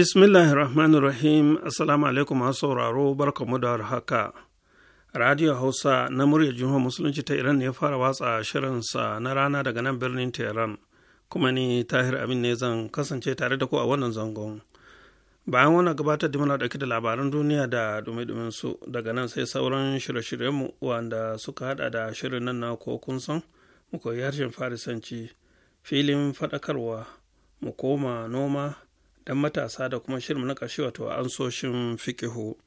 Bismillahir Rahmanir Rahim, Assalamu alaikum masu sauraro barkamu da haka. Radio Hausa na muryar Jihar Musulunci ta Iran ne ya fara watsa shirinsa na rana daga nan birnin Tehran, kuma ni Tahir Amin ne zan kasance tare da ku a wannan zangon. Bayan wannan gabatar da muna dauke da labaran duniya da dumi su daga nan sai sauran shirye shiryen mu wanda suka hada da shirin nan na ko kun san mu koyi harshen Farisanci, filin faɗakarwa, mu koma noma, 'yan matasa da kuma shirin na ƙarshe wato ansoshin fikihu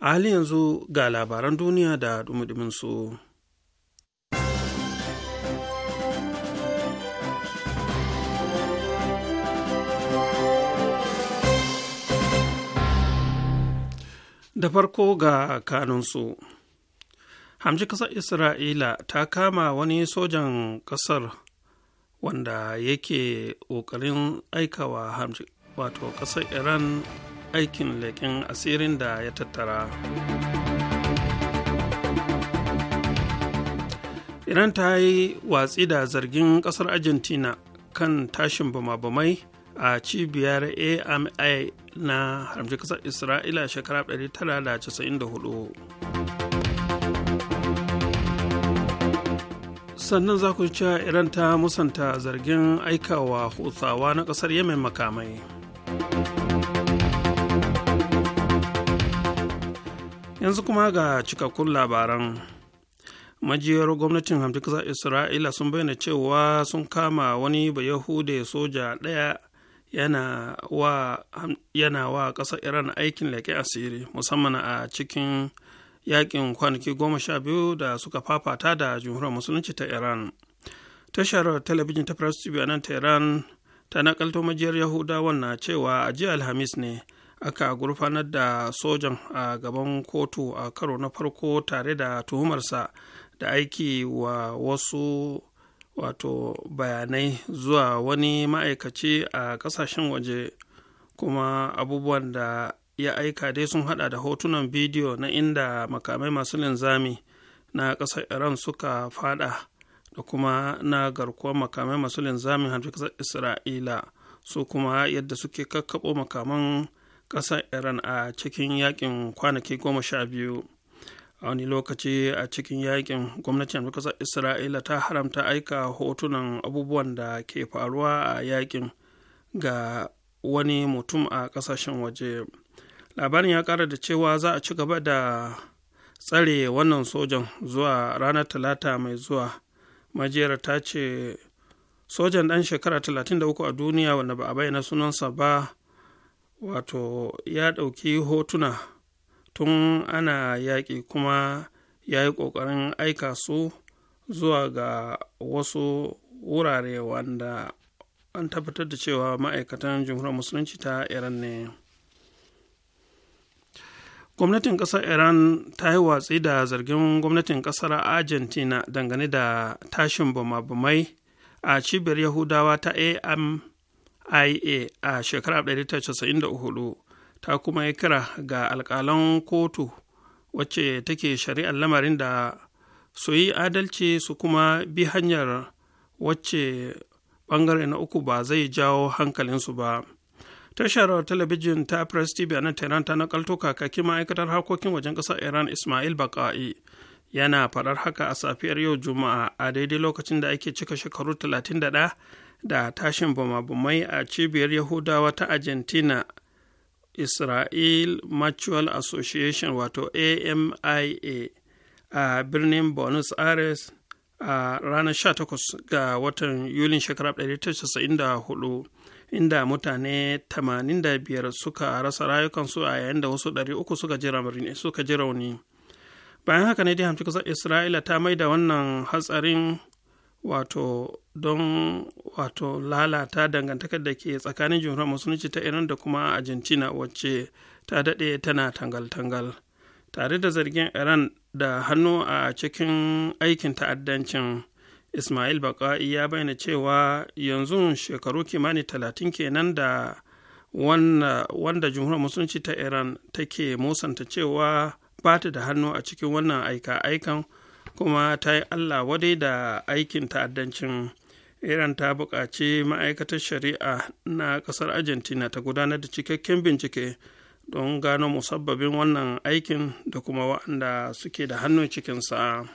a halin yanzu ga labaran duniya da dumudumin su da farko ga kanunsu hamji ƙasar isra'ila ta kama wani sojan ƙasar wanda yake ƙoƙarin aikawa hamji wato ƙasar iran aikin leƙen asirin da ya tattara iran ta yi watsi da zargin ƙasar argentina kan tashin bama-bamai a cibiyar ami na haramci kasar isra'ila shekara 1994 sannan za ku iran ta musanta zargin aikawa hutsawa na kasar yemen makamai yanzu kuma ga cikakkun labaran majiyar gwamnatin hamdukasar isra'ila sun bayyana cewa sun kama wani da soja ɗaya yana wa, kasar iran aikin leƙe asiri musamman a cikin yakin kwanaki goma sha biyu da suka fafata da jumhuriyar musulunci ta iran tashar talabijin ta press tv a nan ta iran ta nakalto majiyar yahudawan na cewa a jiya alhamis ne aka gurfanar da sojan a gaban kotu a karo na farko tare da tuhumarsa da aiki wa wasu wato bayanai zuwa wani ma'aikaci a kasashen waje kuma abubuwan da ya aika dai sun hada da hotunan bidiyo na inda makamai masu linzami na kasar iran suka fada da kuma na garkuwar makamai masu linzamin hantar ƙasar isra'ila su kuma yadda suke kakkaɓo makaman ƙasar iran a cikin yakin kwanaki goma sha biyu a wani lokaci a cikin yakin gwamnatin ƙasar isra'ila ta haramta aika hotunan abubuwan da ke faruwa a yakin ga wani mutum a ƙasashen waje labarin ya ƙara da cewa za a ci gaba da tsare wannan sojan zuwa ranar talata mai zuwa majiyar ta ce sojan ɗan shekara 33 a duniya wanda ba a bayyana sunansa ba wato ya ɗauki hotuna tun ana yaƙi kuma ya yi ƙoƙarin aika su zuwa ga wasu wurare wanda an tabbatar da cewa ma'aikatan jamhuriyar musulunci ta iran ne gwamnatin ƙasar iran ta yi watsi da zargin gwamnatin ƙasar argentina dangane da tashin bama-bamai a cibiyar yahudawa ta amia a shekarar 1994 ta kuma yi kira ga alƙalan kotu wacce take shari'ar lamarin da su yi adalci su kuma bi hanyar wacce bangare na uku ba zai jawo hankalinsu ba tashar talabijin ta press tv a nan tehran ta nakalto kakakin ma'aikatar harkokin wajen ƙasar iran ismail baka'i yana faɗar haka a safiyar yau juma'a a daidai lokacin da ake cika shekaru 31 da tashin bama a cibiyar yahudawa ta argentina israel mutual association wato amia a birnin buenos aires a ranar 18 ga watan yulin shekarar 1994 inda mutane 85 suka rasa rayukansu a yayin da wasu 300 suka ji suka rauni bayan haka ne dai hamci kasar isra'ila ta maida wannan hatsarin wato don wato lalata dangantakar da ke tsakanin jumhuriyar musulunci ta iran da kuma argentina wacce ta daɗe tana tangal-tangal tare da zargin iran da hannu a cikin aikin ta'addancin ismail baka'i ya bayyana cewa yanzu shekaru kimanin talatin kenan da wanda, wanda jumhuriyar musulunci ta iran take musanta cewa ba ta da hannu a cikin wannan aika-aikan kuma ta yi allah wadai da aikin ta'addancin iran ta buƙaci ma'aikatar shari'a na ƙasar argentina ta gudanar da cikakken bincike don gano musabbabin wannan aikin da kuma waɗanda suke da hannu cikinsa.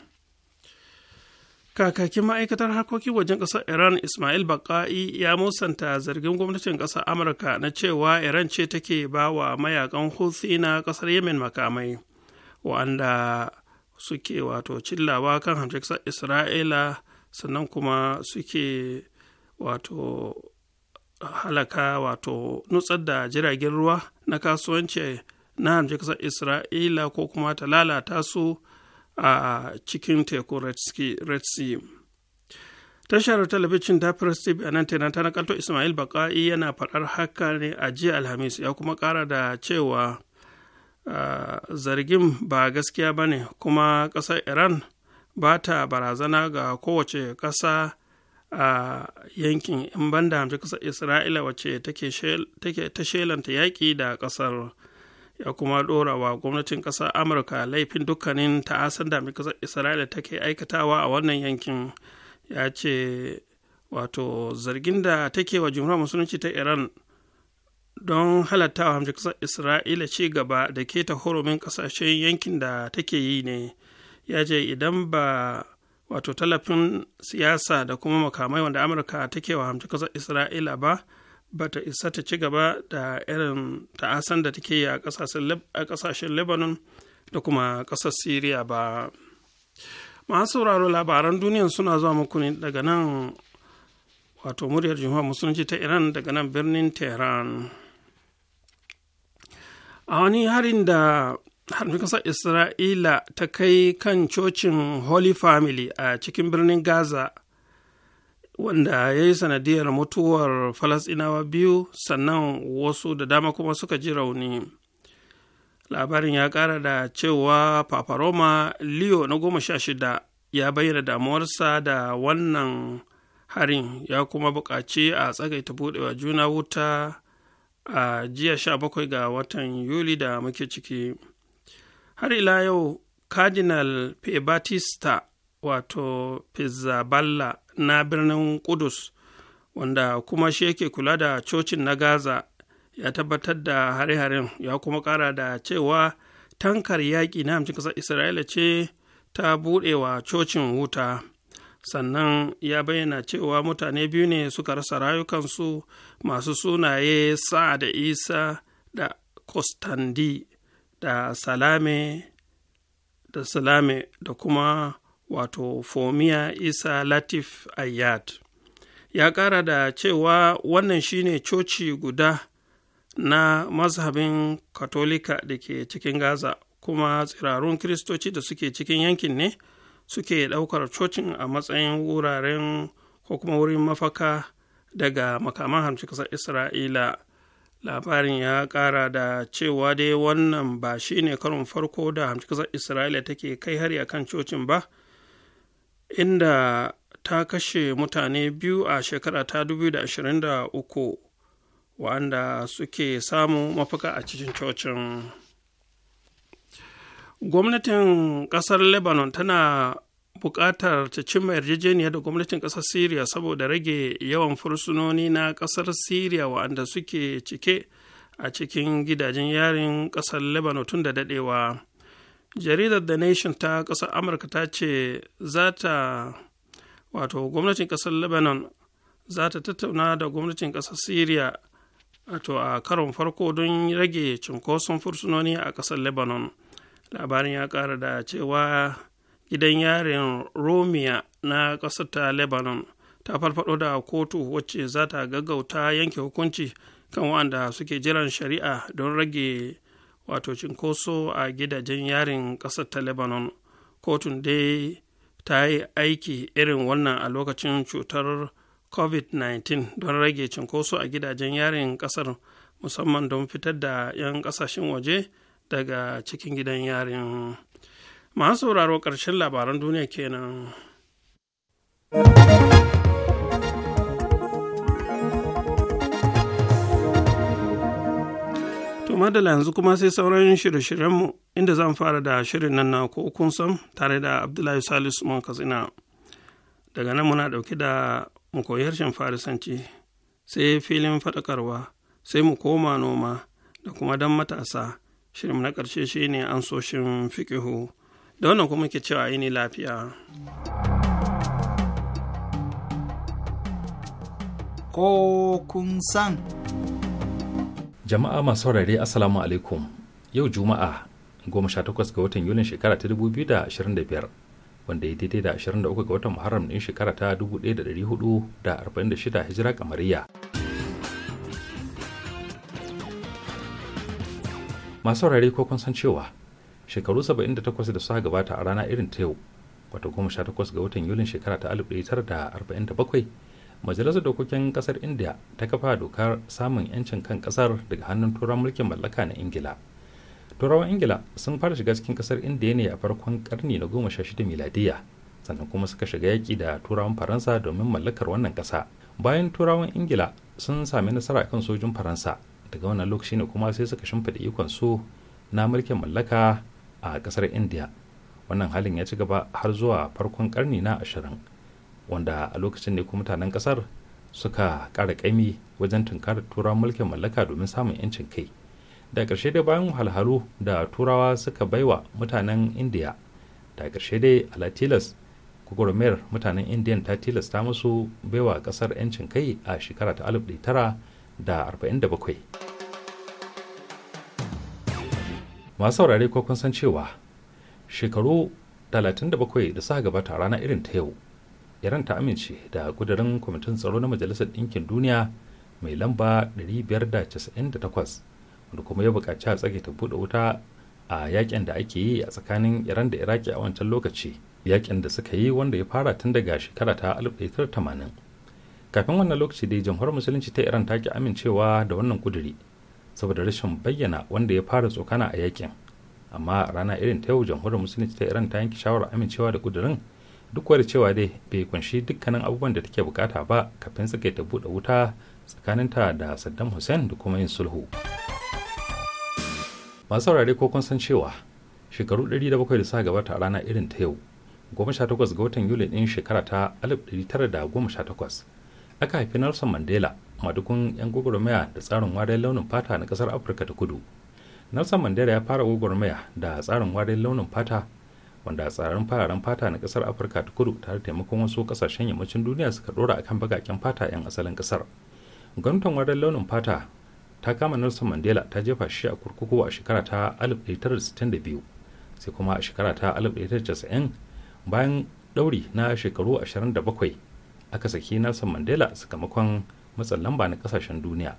kakakin ma'aikatar harkokin wajen ƙasar iran ismail baka'i ya musanta zargin gwamnatin ƙasar amurka na cewa iran ce take ba wa mayakan houthi na ƙasar yemen makamai wa'anda suke wato cillawa kan hamshe ƙasar isra'ila sannan kuma suke wato halaka wato nutsar da jiragen ruwa na kasuwanci na hamshe ƙasar isra'ila ko kuma ta lalata su a cikin teku red sea tashar talabicin da press tv a nan tana ta nakalto ismail baka'i yana faɗar haka ne a jiya alhamis ya kuma ƙara da cewa zargin ba gaskiya ba ne kuma ƙasar iran ba ta barazana ga kowace ƙasa a yankin in banda hamci ƙasar isra'ila wacce take ta shelanta yaƙi da ƙasar ya kuma ɗora wa gwamnatin ƙasar amurka laifin dukkanin ta'asan da ƙasar isra'ila take aikatawa a wannan yankin ya ce wato zargin da take wa jimura musulunci ta iran don halatta wa hamshi kasar isra'ila ci gaba da keta horomin ƙasashen yankin da take yi ne ya ce idan ba wato tallafin siyasa da kuma makamai wanda amurka take wa hamshi ƙasar isra'ila ba ba ta isa ta ci gaba da irin ta'asan da take yi a ƙasashen lebanon da kuma ƙasar syria ba masu sauraro labaran duniya suna zuwa muku ne daga nan wato muryar jihuwa musulunci ta iran daga nan birnin tehran a wani harin da harbin ƙasar isra'ila ta kai kan cocin holy family a cikin birnin gaza wanda ya yi sanadiyar mutuwar falasinawa biyu sannan wasu da dama kuma suka ji rauni labarin ya kara da cewa paparoma leo na goma sha shida ya bayyana damuwarsa da wannan harin ya kuma buƙaci a tsagaita buɗewa juna wuta a jiya sha bakwai ga watan yuli da muke ciki har ila yau cardinal pebatista wato pizzaballa na birnin kudus wanda kuma shi yake kula da cocin na gaza ya tabbatar da hare-haren ya kuma kara da cewa tankar yaƙi na amcin ƙasar isra'ila ce ta buɗewa cocin wuta sannan ya bayyana cewa mutane biyu ne suka rasa rayukansu masu sunaye sa da isa da kostandi da da salame da kuma wato fomiya isa latif ayyad ya ƙara da cewa wannan shine coci guda na mazhabin katolika da ke cikin gaza kuma tsirarun kiristoci da suke cikin yankin ne suke ɗaukar cocin a matsayin wuraren ko kuma wurin mafaka daga makaman hamci kasar isra'ila labarin ya ƙara da cewa dai wannan ba shine karon farko da hamci kasar isra'ila take kai hari a kan cocin ba inda ta kashe mutane biyu a shekara ta 2023 wanda suke samun mafaka a cikin cocin gwamnatin kasar lebanon tana buƙatar ta cimma yarjejeniya da gwamnatin kasar syria saboda rage yawan fursunoni na kasar syria wanda suke cike a cikin gidajen yarin kasar lebanon tun da daɗewa jaridar the nation ta ƙasar amurka ta ce za ta wato gwamnatin ƙasar lebanon za ta tattauna da gwamnatin ƙasar syria wato a karon farko don rage cunkoson fursunoni a ƙasar lebanon labarin ya ƙara da cewa gidan yarin romia na ƙasar ta lebanon ta farfado da kotu wacce za ta gaggauta yanke hukunci kan waɗanda suke jiran shari'a don rage wato cinkoso a gidajen yarin ƙasar ta lebanon kotun dai ta yi aiki irin wannan a lokacin cutar covid-19 don rage cinkoso a gidajen yarin ƙasar musamman don fitar da 'yan ƙasashen waje daga cikin gidan yarin masu sauraro ƙarshen labaran duniya kenan. madala yanzu kuma sai sauran shirye-shiryenmu inda zan fara da shirin nan na ko kun san tare da abdullahi salisu man katsina daga nan muna ɗauke da mu koyi harshen farisanci sai filin faɗakarwa sai mu koma noma da kuma dan matasa shirin na ƙarshe shine ansoshin fikihu da wannan kuma ke cewa ne lafiya ko kun san jama'a masu saurare assalamu alaikum yau juma'a 18 ga watan yulin shekara ta 2025 wanda ya daidai da 23 ga watan muharram din shekara ta 1446 hijira kamariya masu saurare ko kun san cewa shekaru 78 da suka gabata a rana irin ta yau wata 18 ga watan yulin shekara ta 1947 majalisar dokokin kasar indiya ta kafa dokar samun 'yancin kan kasar daga hannun turawan mulkin mallaka na ingila turawan ingila sun fara shiga cikin kasar indiya ne a farkon karni na goma sha shida miladiya sannan kuma suka shiga yaƙi da turawan faransa domin mallakar wannan ƙasa bayan turawan ingila sun sami nasara kan sojin faransa daga wannan lokaci ne kuma sai suka shimfiɗa ikon su na mulkin mallaka a kasar indiya wannan halin ya ci gaba har zuwa farkon karni na ashirin wanda a lokacin ne kuma mutanen kasar suka ƙara ƙaimi wajen tunkarar turawan mulkin mallaka domin samun 'yancin kai da ƙarshe dai bayan halharu da turawa suka baiwa mutanen indiya da ƙarshe dai ala tilas gwagwarmayar mutanen indiya ta tilasta musu baiwa ƙasar 'yancin kai a shekara ta 1947 masu saurare ko kun san cewa shekaru 37 da suka gabata rana irin ta yau iran ta amince da kudirin kwamitin tsaro na majalisar ɗinkin duniya mai lamba 598 wanda kuma ya buƙaci a tsage ta buɗe wuta a yakin da ake yi a tsakanin iran da iraki a wancan lokaci yakin da suka yi wanda ya fara tun daga shekara ta 1980 kafin wannan lokaci dai jamhuriyar musulunci ta iran ta ki amincewa da wannan kuduri saboda rashin bayyana wanda ya fara tsokana a yakin amma rana irin ta yau jamhuriyar musulunci ta iran ta yanke shawarar amincewa da kudurin duk da cewa dai bai kunshi dukkanin abubuwan da take bukata ba kafin suke ta buɗe wuta tsakaninta da saddam hussein da kuma yin sulhu masu saurare ko kun san cewa shekaru 107 da suka gabata a rana irin ta yau 18 ga watan yuli ɗin shekara ta 1918 aka haifi nelson mandela madukun 'yan gwagwarmaya da tsarin wariyar launin fata na kasar afirka ta kudu nelson mandela ya fara gwagwarmaya da tsarin wariyar launin fata wanda tsarin fararen fata na kasar afirka ta kudu tare taimakon wasu kasashen yammacin duniya suka dora akan bakaken fata 'yan asalin kasar gwamnatin wadar launin fata ta kama nelson mandela ta jefa shi a kurkuku a shekara ta 1962 sai kuma a shekara ta 1990 bayan dauri na shekaru 27 aka saki nelson mandela sakamakon matsin lamba na kasashen duniya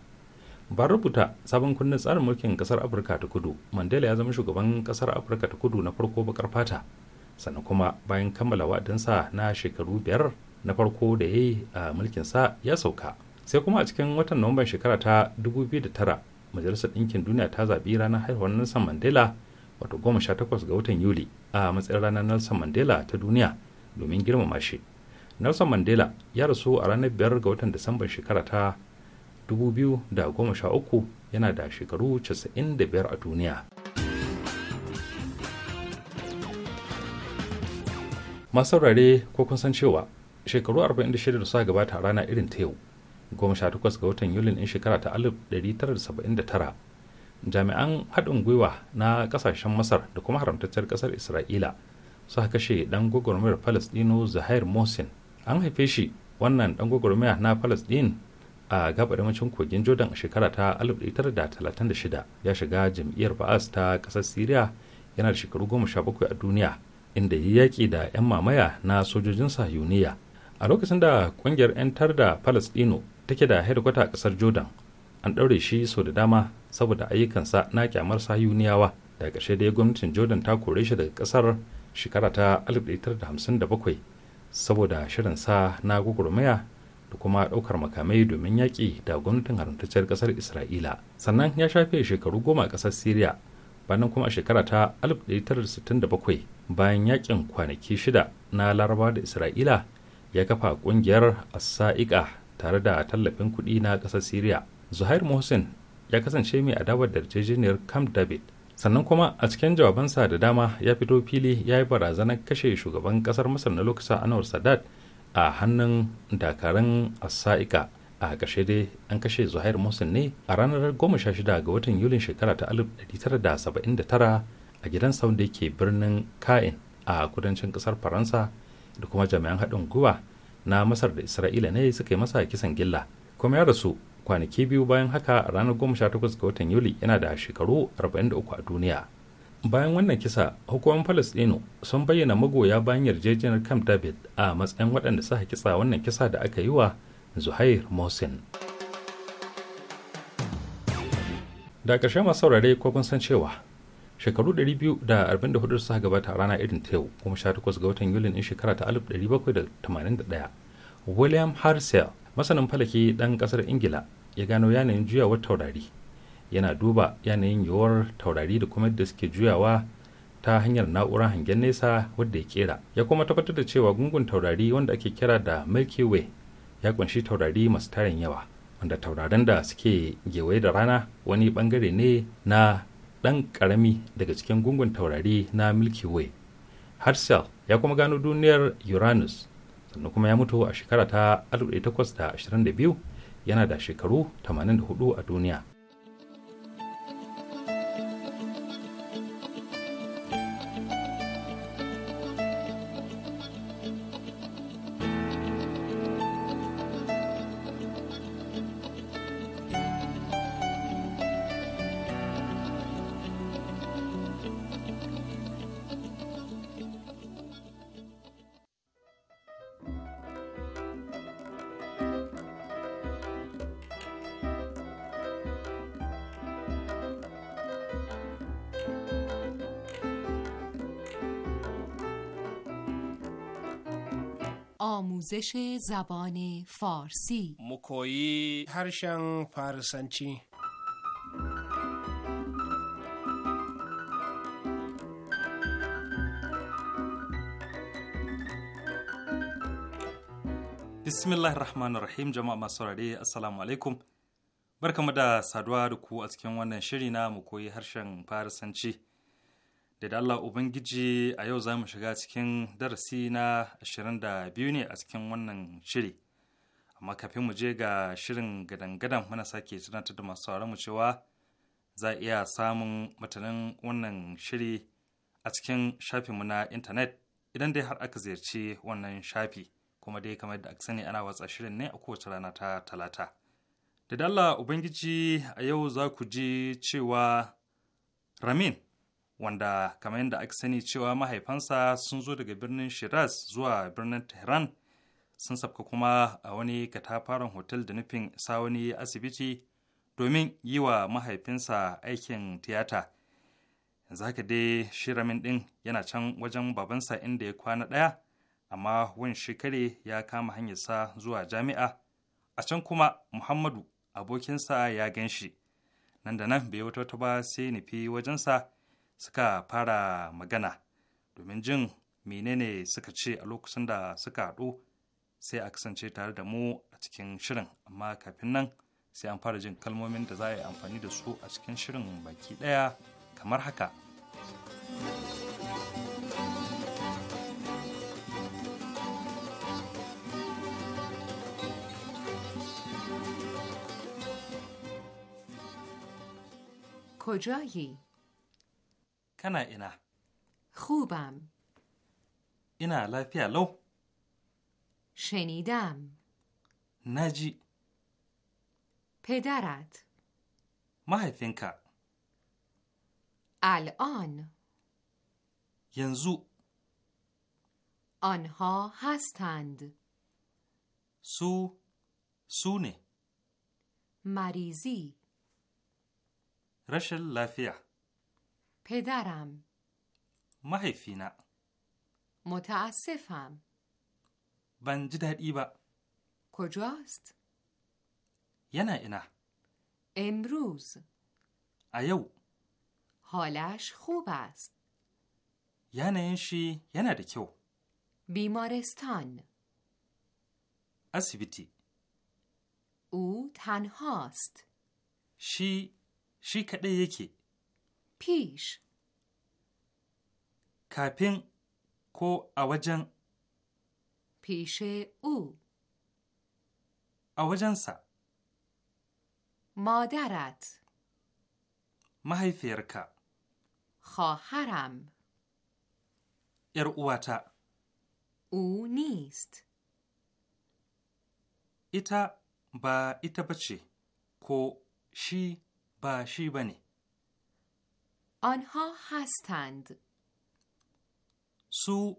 ba rubuta sabon kundin tsarin mulkin kasar afirka ta kudu mandela ya zama shugaban kasar afirka ta kudu na farko bakar fata sannan kuma bayan kammala wa'adinsa na shekaru biyar na farko da ya yi a mulkinsa ya sauka sai kuma a cikin watan nuwamban shekara ta 2009 majalisar ɗinkin duniya ta zaɓi ranar haihuwar nelson mandela wato 18 ga watan yuli a matsayin ranar nelson mandela ta duniya domin girmama shi nelson mandela ya rasu a ranar 5 ga watan disamban shekara ta 2013 yana da shekaru 95 a duniya masaurare saurare ko kun san cewa shekaru 46 da suka gabata a rana irin ta yau 18 ga watan yulin in shekara ta 1979 jami'an haɗin gwiwa na ƙasashen masar da kuma haramtacciyar ƙasar isra'ila suka kashe ɗan gwagwarmayar palestino zahir mohsin an haife shi wannan ɗan gwagwarmaya na palestine a gabar yammacin kogin jordan a shekara ta 1936 ya shiga jam'iyyar ba'as ta kasar syria yana da shekaru bakwai a duniya inda ya yaƙi da 'yan mamaya na sojojin sahiyuniya a lokacin da ƙungiyar 'yantar da palestino take da hedikwata a kasar jordan an ɗaure shi sau da dama saboda ayyukansa na kyamar sahiyuniyawa daga ƙarshe dai gwamnatin jordan ta kore shi daga ƙasar shekara ta 1957 saboda shirinsa na gugurmaya da kuma ɗaukar makamai domin yaƙi da gwamnatin haramtacciyar ƙasar isra'ila sannan ya shafe shekaru goma a ƙasar syria bayan kuma a shekara ta 1967 bayan yaƙin kwanaki shida na laraba da isra'ila ya kafa ƙungiyar asa'iƙa tare da tallafin kuɗi na ƙasar syria zuhair mohsin ya kasance mai adawar da yarjejeniyar camp david sannan kuma a cikin jawabansa da dama ya fito fili ya yi barazanar kashe shugaban ƙasar masar na lokacin anwar sadat a hannun dakarun asa'ika a kashe dai an kashe zuhair musul ne a ranar 16 ga watan yulin shekara ta 1979 a gidan saun da ke birnin ka'in a kudancin ƙasar faransa da kuma jami'an haɗin gwiwa na masar da isra'ila ne suka yi masa kisan gilla kuma ya rasu kwanaki biyu bayan haka a ranar 18 ga watan yuli yana da shekaru 43 a duniya bayan wannan kisa hukumar palestino sun bayyana magoya bayan yarjejeniyar camp david a matsayin waɗanda suka kitsa wannan kisa da aka yi wa zuhair mohsin da ƙarshe masu saurare ko kun san cewa shekaru 244 suka gabata a rana irin ta yau kuma 18 ga watan yulin in shekara ta 1781 william harsel masanin falaki ɗan ƙasar ingila ya gano yanayin juyawar taurari yana duba yanayin yiwuwar taurari da kuma yadda suke juyawa ta hanyar na'urar hangen nesa wadda ya kera ya kuma tabbatar da cewa gungun taurari wanda ake kira da milky way ya kunshi taurari masu tarin yawa wanda tauraron da suke gewaye da rana wani bangare ne na ɗan karami daga cikin gungun taurari na milky way hartzell ya kuma gano duniyar uranus sannan kuma ya mutu a shekara ta 1822 yana da shekaru 84 a duniya آموزش زبان فارسی مکویی هرشن فارسنچی Bismillah rahman rahim jama masu saurare alaikum barkamu da saduwa da ku a cikin wannan shiri na mu koyi harshen farisanci da Allah Ubangiji a yau za mu shiga cikin darasi na 22 ne a cikin wannan shiri. Amma kafin mu je ga shirin gadan-gadan muna sake tunatar da masu mu cewa za a iya samun mutanen wannan shiri a cikin shafinmu na intanet idan dai har aka ziyarci wannan shafi kuma dai kamar da aka sani ana watsa shirin ne a kowace rana ta talata. Da Allah Ubangiji a yau za ku ji cewa Ramin wanda kamar yadda aka sani cewa mahaifansa sun zo daga birnin shiraz zuwa birnin tehran sun sabka kuma a wani katafaren hotel da nufin sa wani asibiti domin yi wa mahaifinsa aikin tiyata yanzu haka dai shiramin ɗin yana can wajen babansa inda ya kwana ɗaya amma wani shekare ya kama hanyarsa zuwa jami'a a can kuma muhammadu abokinsa ya gan shi nan da nan bai wata ba sai nufi wajensa suka fara magana domin jin menene suka ce a lokacin da suka haɗu sai a kasance tare da mu a cikin shirin amma kafin nan sai an fara jin kalmomin da za a yi amfani da su a cikin shirin baki ɗaya kamar haka. کجایی؟ کنا اینا خوبم اینا لافیه لو شنیدم نجی پدرت محفینکا الان ینزو آنها هستند سو سونه مریضی رشل لافیه پدرم نه متاسفم بنج در با کجاست؟ ینا اینا امروز ایو حالش خوب است یعنی شی یعنی دکیو بیمارستان اسیبیتی او تنهاست شی شی کده یکی pish. Kafin ko a wajen pishe u. A wajensa. Madarat. Mahaifiyarka. haram. ‘Yar uwata. U nist. Ita ba ita ce, ko shi ba shi bane. آنها هستند سو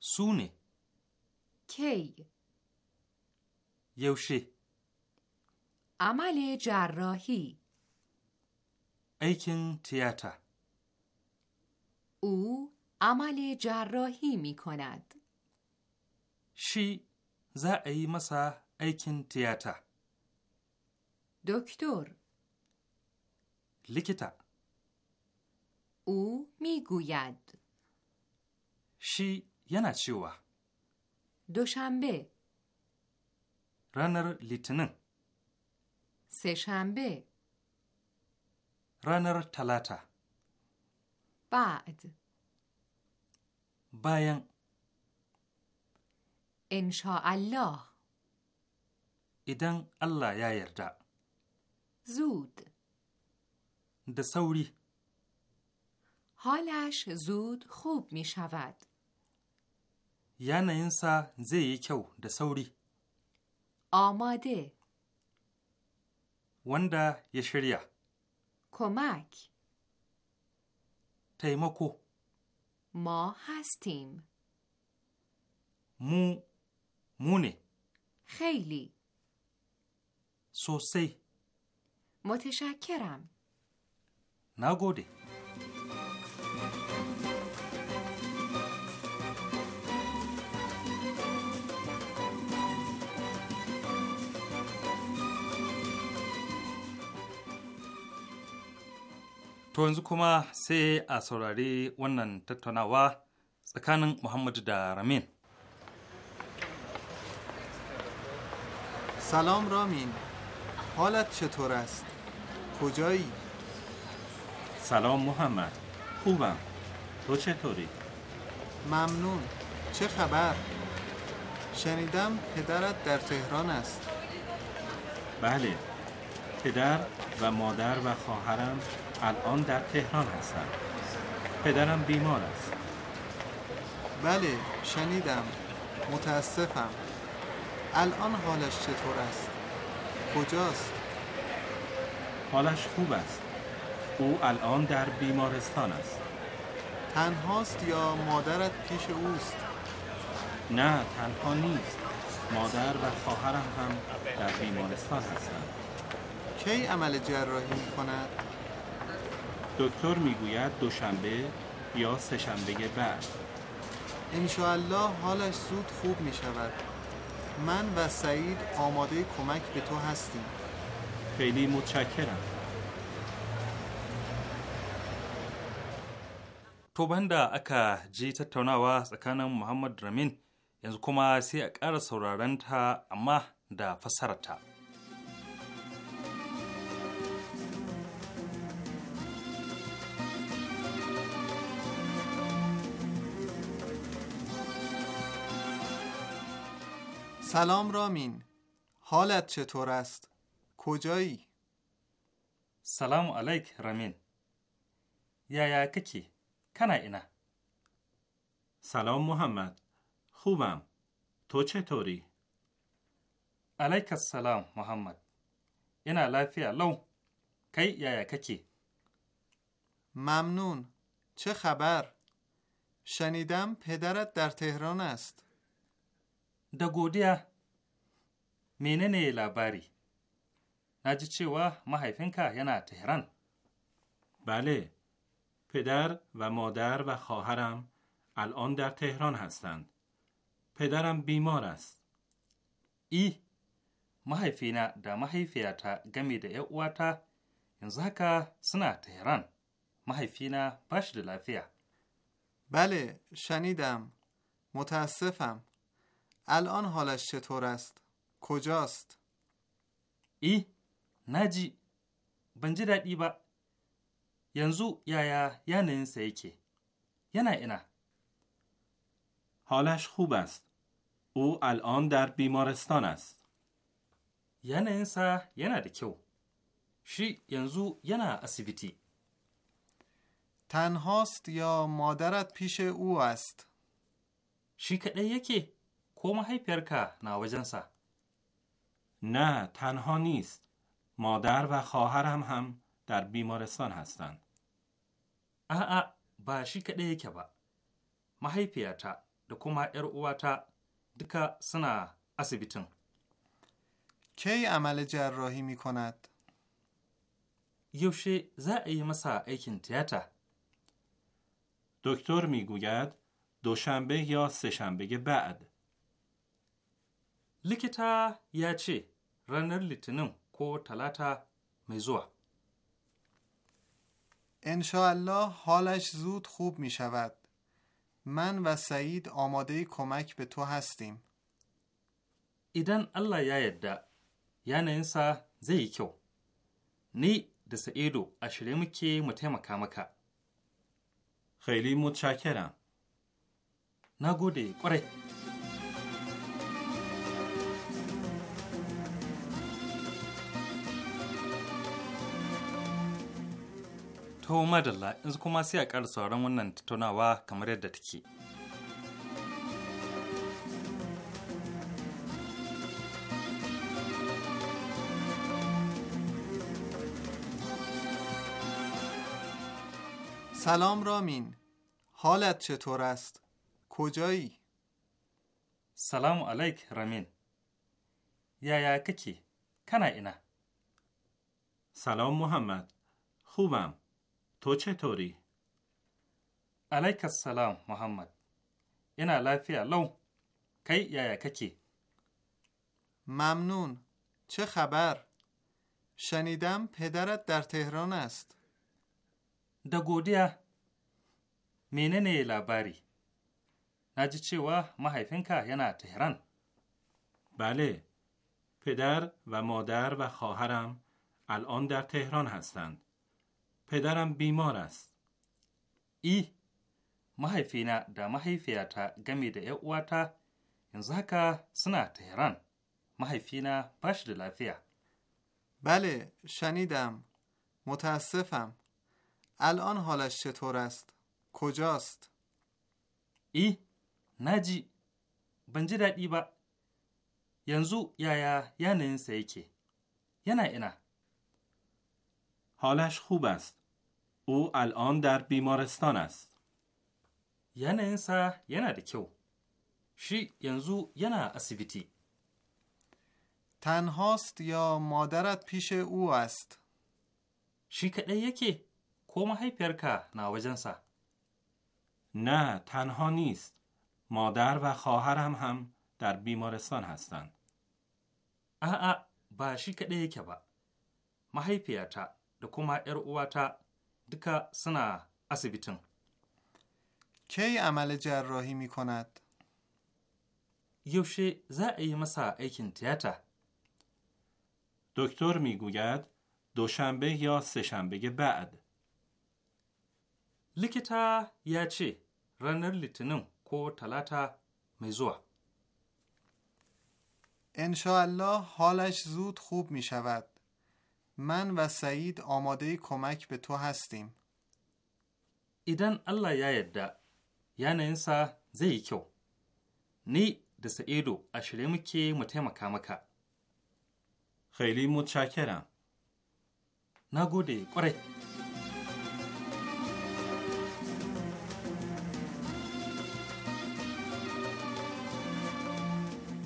سونه کی یوشی عمل جراحی ایکن تیاتا او عمل جراحی می کند شی ای مسا ایکن تیاتا دکتر لیکتا او میگوید شی ینا چیوا دوشنبه رانر لیتنن سهشنبه رانر تلاتا بعد باین الله idan Allah ya yarda. Zud. Da sauri. حالش زود خوب می شود. yanayinsa یعنی زی کیو د سوری آماده وندا ی شریه کمک تیمکو ما هستیم مو مونه خیلی سوسی متشکرم نگوده To yanzu kuma sai a saurari wannan tattaunawa tsakanin Muhammadu da سلام رامین حالت چطور است؟ کجایی؟ سلام محمد خوبم تو چطوری؟ ممنون چه خبر؟ شنیدم پدرت در تهران است بله پدر و مادر و خواهرم الان در تهران هستم پدرم بیمار است بله شنیدم متاسفم الان حالش چطور است؟ کجاست؟ حالش خوب است او الان در بیمارستان است تنهاست یا مادرت پیش اوست؟ نه تنها نیست مادر و خواهرم هم در بیمارستان هستند کی عمل جراحی می کند؟ دکتر میگوید دوشنبه یا سهشنبه بعد انشاالله حالش زود خوب می شود من و سعید آماده کمک به تو هستیم خیلی متشکرم تو banda aka ji tattaunawa tsakanin Muhammad Ramin yanzu kuma sai a ƙara sauraron ta amma da سلام رامین حالت چطور است؟ کجایی؟ سلام علیک رامین یا یا ککی کنا اینا سلام محمد خوبم تو چطوری؟ علیک السلام محمد اینا لافیه لو کی یا یا ککی ممنون چه خبر؟ شنیدم پدرت در تهران است da godiya menene labari na ji cewa mahaifinka yana tehran bale پدر و مادر و خواهرم الان در تهران هستند پدرم بیمار است mahaifina da mahaifiyata game da 'yan uwata yanzu haka suna Tehran. mahaifina ba shi da lafiya. Bale, shanidam, متاسفم. الان حالش چطور است؟ کجاست؟ ای نجی بنجی دادی با ینزو یا یا یا ننسه یکی یا نه اینا حالش خوب است او الان در بیمارستان است یا ننسه یا دکیو شی ینزو یا نه اسیبیتی تنهاست یا مادرت پیش او است شی کده یکی کو مهیپرکه ناوجنسه نه تنها نیست مادر و خواهرم هم در بیمارستان هستند a'a ba shi kaɗai yake ba mahaifiyata da kuma 'yar uwata duka suna کی عمل جراحی می کند؟ یوشه za a yi masa aikin tiyata. دکتر میگوید دوشنبه یا سهشنبه بعد. likita ya ce ranar litinin ko talata mai zuwa. انشاالله حالش زود خوب می شود. من و سعید آماده کمک به تو هستیم. ایدن الله یا یده یعنی انسا زی کیو. نی da Sa'idu a muke mu taimaka maka. Khaili mutshakira. Na gode kwarai. To madalla yanzu kuma sai a ƙara sauran wannan tattaunawa kamar yadda take. سلام رامین حالت چطور است؟ کجایی؟ سلام علیک رامین یا یا ککی کنا اینا سلام محمد خوبم تو چطوری؟ علیک السلام محمد ina لو کی یا یا ککی ممنون چه خبر شنیدم پدرت در تهران است مینه godiya menene labari و ji cewa یا نه تهران بله پدر و مادر و خواهرم الان در تهران هستند پدرم بیمار است. ای mahaifina da mahaifiyata game da 'ya'uwata, uwata yanzu haka suna Tehran. mahaifina ba shi da lafiya. Bale, shanidam, متاسفم. الان حالش چطور است؟ کجاست؟ ای، naji ban ji daɗi ba, yanzu yaya yanayinsa yake, yana ina. حالش خوب است. او الان در بیمارستان است. yanayinsa yana da دکیو. شی ینزو نه اسیبیتی. تنهاست یا مادرت پیش او است؟ شی کدی یکی کو های نا ناوجنسا؟ نه تنها نیست مادر و خواهرم هم در بیمارستان هستند اا با شی کدی یکی با da kuma کی عمل جراحی می کند؟ یوشه زعی مسا ایکن تیاتا دکتر میگوید دوشنبه یا سهشنبه بعد لیکتا یا چه رانر لیتنم کو تلاتا میزوا الله حالش زود خوب می شود من و سعید آماده کمک به تو هستیم. ایدن الله یا یده یا نینسا زی کیو. نی da Sa'idu a shirye muke mu taimaka maka. Khaili mutshakira. Na kwarai.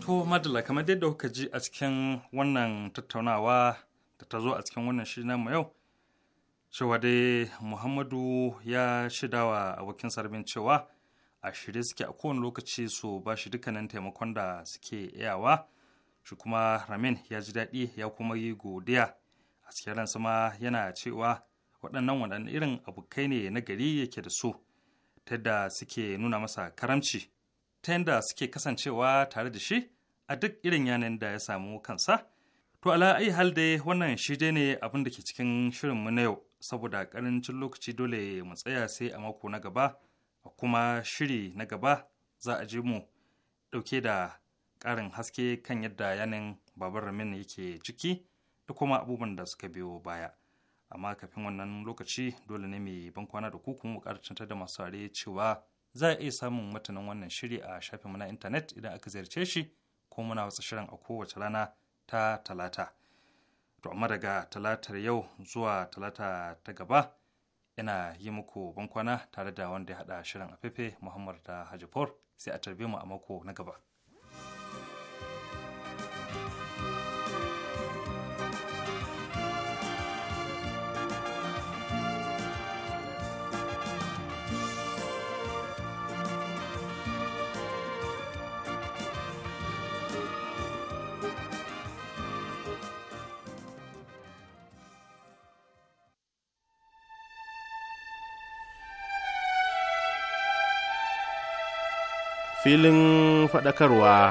To madalla kamar da kuka ji a cikin wannan tattaunawa da ta zo a cikin wannan shi namu yau cewa dai muhammadu ya shida wa abokin sarbin cewa a shirye suke a kowane lokaci su ba shi dukkanin taimakon da suke iyawa shi kuma ramin ya ji daɗi ya kuma yi godiya a cikin ransa ma yana cewa waɗannan waɗannan irin abokai ne na gari yake da su ta yadda suke nuna masa karamci ta yadda suke kasancewa tare da shi a duk irin yanayin da ya samu kansa To ala ai hal dai wannan shi dai ne abin da ke cikin shirinmu na yau saboda karancin lokaci dole mu tsaya sai a mako na gaba a kuma shiri na gaba za a je mu dauke da ƙarin haske kan yadda yanin babar ramin yake ciki da kuma abubuwan da suka biyo baya. Amma kafin wannan lokaci dole ne mai ban kwana da ku kuma buƙatar da masu sare cewa za a iya samun matanin wannan shiri a shafinmu na intanet idan aka ziyarce shi ko muna watsa shirin a kowace rana ta talata to amma daga talatar yau zuwa talata ta gaba ina yi muku bankwana tare da wanda ya haɗa shirin afefe muhammad da hajifor sai a tarbe mu a mako na gaba filin faɗakarwa.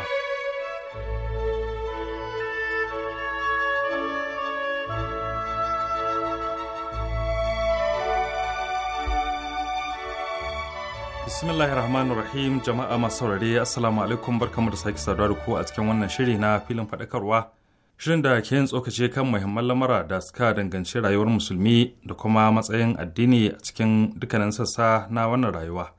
Bismillahirrahmanirrahim jama'a masu saurari assalamu alaikum barkamu da sake saduwa da ku a cikin wannan shiri na filin faɗakarwa shirin da ke yin tsokace kan muhimman lamura da suka danganci rayuwar musulmi da kuma matsayin addini a cikin dukkanin sassa na wannan rayuwa.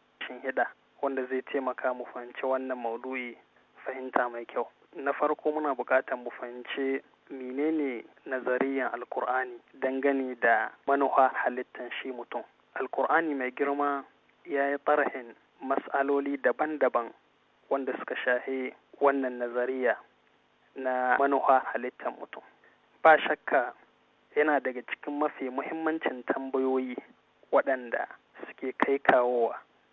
hida wanda zai taimaka mu fahimci wannan maudu'i fahimta mai kyau. Na farko muna buƙatar mu fahimci menene nazariyan alkur'ani dangane da manuha halittan shi mutum. Alkur'ani mai girma ya yi tarihin matsaloli daban-daban wanda suka shahe wannan nazariya na manuha halittan mutum. Ba shakka yana daga cikin mafi muhimmancin tambayoyi waɗanda suke kai kawowa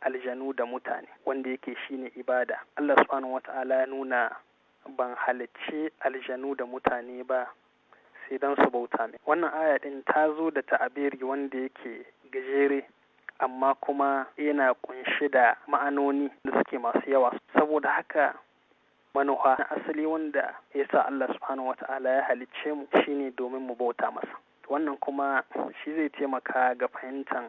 aljanu da mutane wanda yake shine ibada Allah subhanahu wata'ala ya nuna ban halicci aljanu da mutane ba sai dan su bauta min wannan aya din ta zo da ta'abiri wanda yake gajere amma kuma yana kunshi da ma'anoni da suke masu yawa saboda haka manoha na asali wanda ya sa Allah subhanahu wata'ala ya halicce mu shine domin mu bauta masa wannan kuma shi zai taimaka ga fahimtar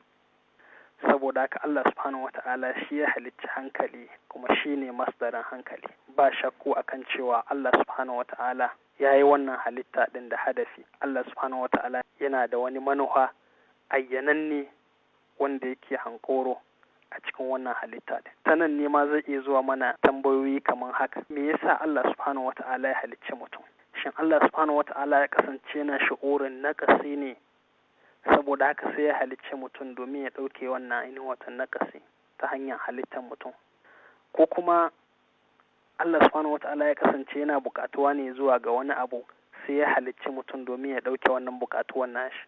saboda haka Allah subhanahu wata'ala shi ya halicci hankali kuma shi ne masdarin hankali ba shakku kan cewa Allah subhanahu wata'ala ya yi wannan halitta ɗin da hadafi Allah subhanahu wata'ala yana da wani manuha ayyananne wanda yake hankoro a cikin wannan halitta ɗin ta nan ne ma zai iya zuwa mana tambayoyi kamar haka me yasa Allah subhanahu wata'ala ya halicci mutum shin Allah subhanahu wata'ala ya kasance na shi'urin nakasi ne saboda haka sai ya halicci mutum domin ya ɗauke wannan ainihin watan nakasi ta hanyar halittar mutum ko kuma Allah subhanahu wata'ala ya kasance yana buƙatuwa ne zuwa ga wani abu sai ya halicci mutum domin ya ɗauke wannan buƙatuwan nashi.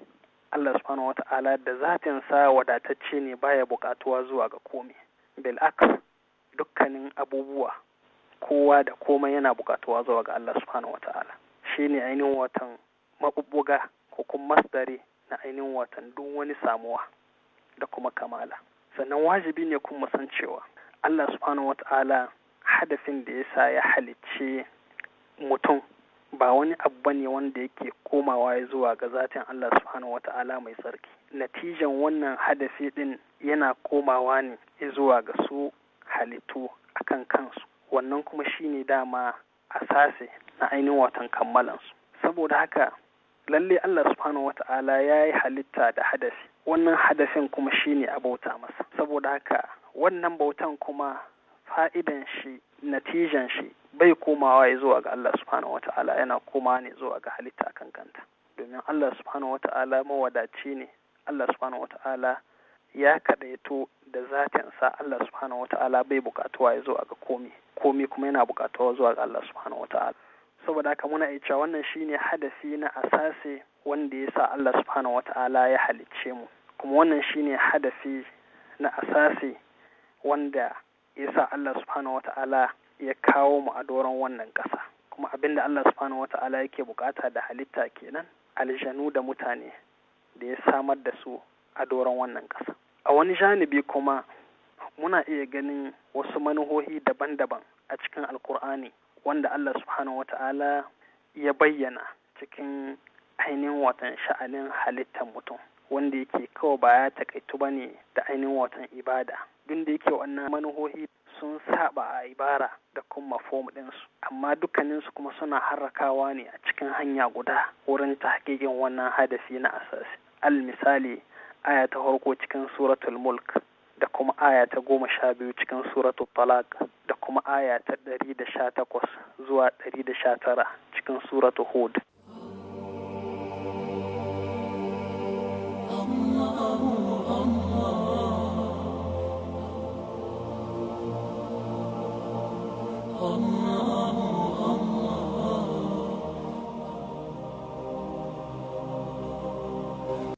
Allah subhanahu wa ta'ala da zatin sa wadatacce ne baya bukatuwa zuwa ga komai bil dukkanin abubuwa kowa da komai yana bukatuwa zuwa ga Allah subhanahu wa ta'ala shine ainihin watan mabubbuga ko kuma masdari na ainihin watan duk wani samuwa da kuma kamala sannan wajibi ne kuma san cewa Allah subhanahu wa ta'ala hadafin da ya sa ya halicce mutum ba wani abu bane wanda yake komawa zuwa ga zatin Allah subhanahu wata'ala mai tsarki natijan wannan hadafi din yana komawa ne zuwa ga su halittu akan kansu wannan kuma shine dama a sase na ainihin watan kammalansu saboda haka lalle Allah subhanahu wata'ala ya yi halitta da hadafi wannan hadafin kuma shine a bauta masa saboda haka wannan bautan kuma fa'idan shi natijan shi bai komawa ya zuwa ga Allah subhanahu wata'ala yana komawa ne zuwa ga halitta kan kanta domin Allah subhanahu wata'ala mawadaci ne Allah subhanahu wata'ala ya kaɗaito da zatinsa Allah subhanahu wata'ala bai buƙatuwa ya zuwa ga komi komi kuma yana buƙatuwa zuwa ga Allah subhanahu wata'ala saboda haka muna iya wannan shine hadasi na asase wanda ya sa Allah subhanahu wata'ala ya halicce mu kuma wannan shine hadasi na asase wanda ya sa Allah subhanahu wata'ala ya kawo mu a doron wannan ƙasa kuma abin da Allah subhanahu ta'ala yake bukata da halitta kenan aljanu da mutane da ya samar da su a doron wannan ƙasa a wani janibi kuma muna iya ganin wasu manuhohi daban-daban a cikin alkur'ani wanda Allah subhanahu ta'ala ya bayyana cikin ainihin watan sha'anin halittar mutum wanda yake kawai baya takaitu ba ne da ainihin watan ibada duk da yake wannan manuhohi sun saba a ibara da kuma fom ɗinsu amma dukkaninsu kuma suna harrakawa ne a cikin hanya guda wurin ta hakikin wannan hadasi na asasi al misali aya ta farko cikin suratul mulk da kuma aya ta goma sha biyu cikin suratul talaq da kuma aya ta ɗari da sha takwas zuwa ɗari da sha tara cikin suratul hud.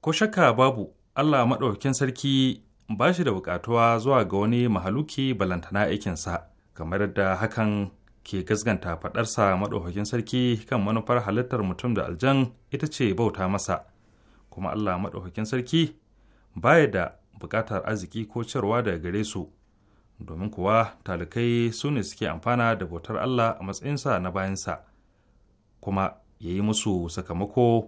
ko shakka babu Allah maɗaukin sarki ba shi da buƙatuwa zuwa ga wani mahaluki balantana aikinsa kamar yadda hakan ke gasganta faɗarsa maɗaukin sarki kan manufar halittar mutum da aljan ita ce bauta masa kuma Allah maɗaukakin sarki baya da buƙatar arziki ko cirwa daga gare su domin kuwa talikai su ne suke amfana da bautar Allah a matsayinsa na bayansa kuma ya yi musu sakamako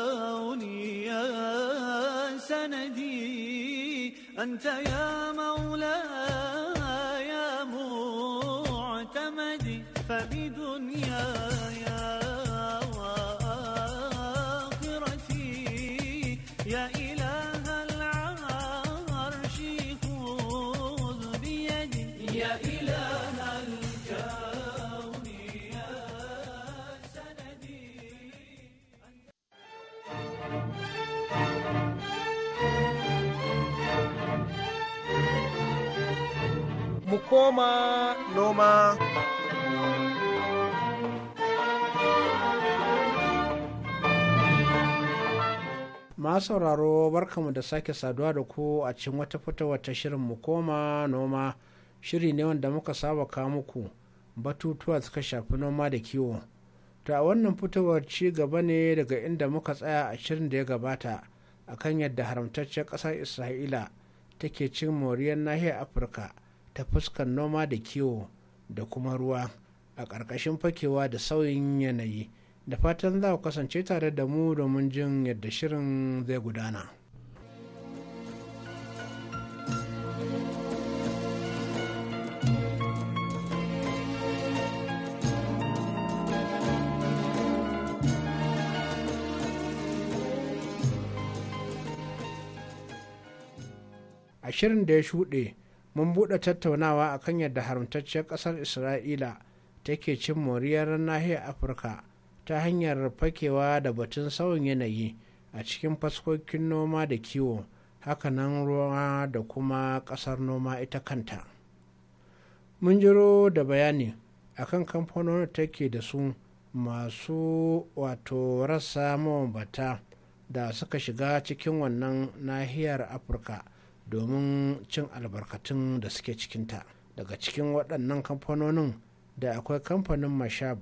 أنت يا مولاي koma noma. masu sauraro barkamu da sake saduwa da ku a cikin wata fitowar ta shirin mu koma noma shiri ne wanda muka saba kawo muku batutuwa suka shafi noma da kiwo ta wannan fitowar ci gaba ne daga inda muka tsaya a shirin da ya gabata akan yadda haramtaccen ƙasar isra'ila take cin moriyar nahiyar afirka ta fuskar noma da kiwo da kuma ruwa a ƙarƙashin fakewa da sauyin yanayi da fatan za ku kasance tare da mu domin jin yadda shirin zai gudana. a shirin da ya shuɗe mun buɗe tattaunawa a kan yadda haramtacciyar ƙasar isra'ila take cin moriyar nahiyar afirka ta hanyar fakewa da batun sauyin yanayi a cikin faskokin noma da kiwo hakanan ruwa da kuma ƙasar noma ita kanta mun jiro da bayani a kan kamfanonin take da su masu wato rasa mabambata da suka shiga cikin wannan nahiyar afirka domin cin albarkatun da suke cikinta daga cikin waɗannan kamfanonin da akwai kamfanin mashab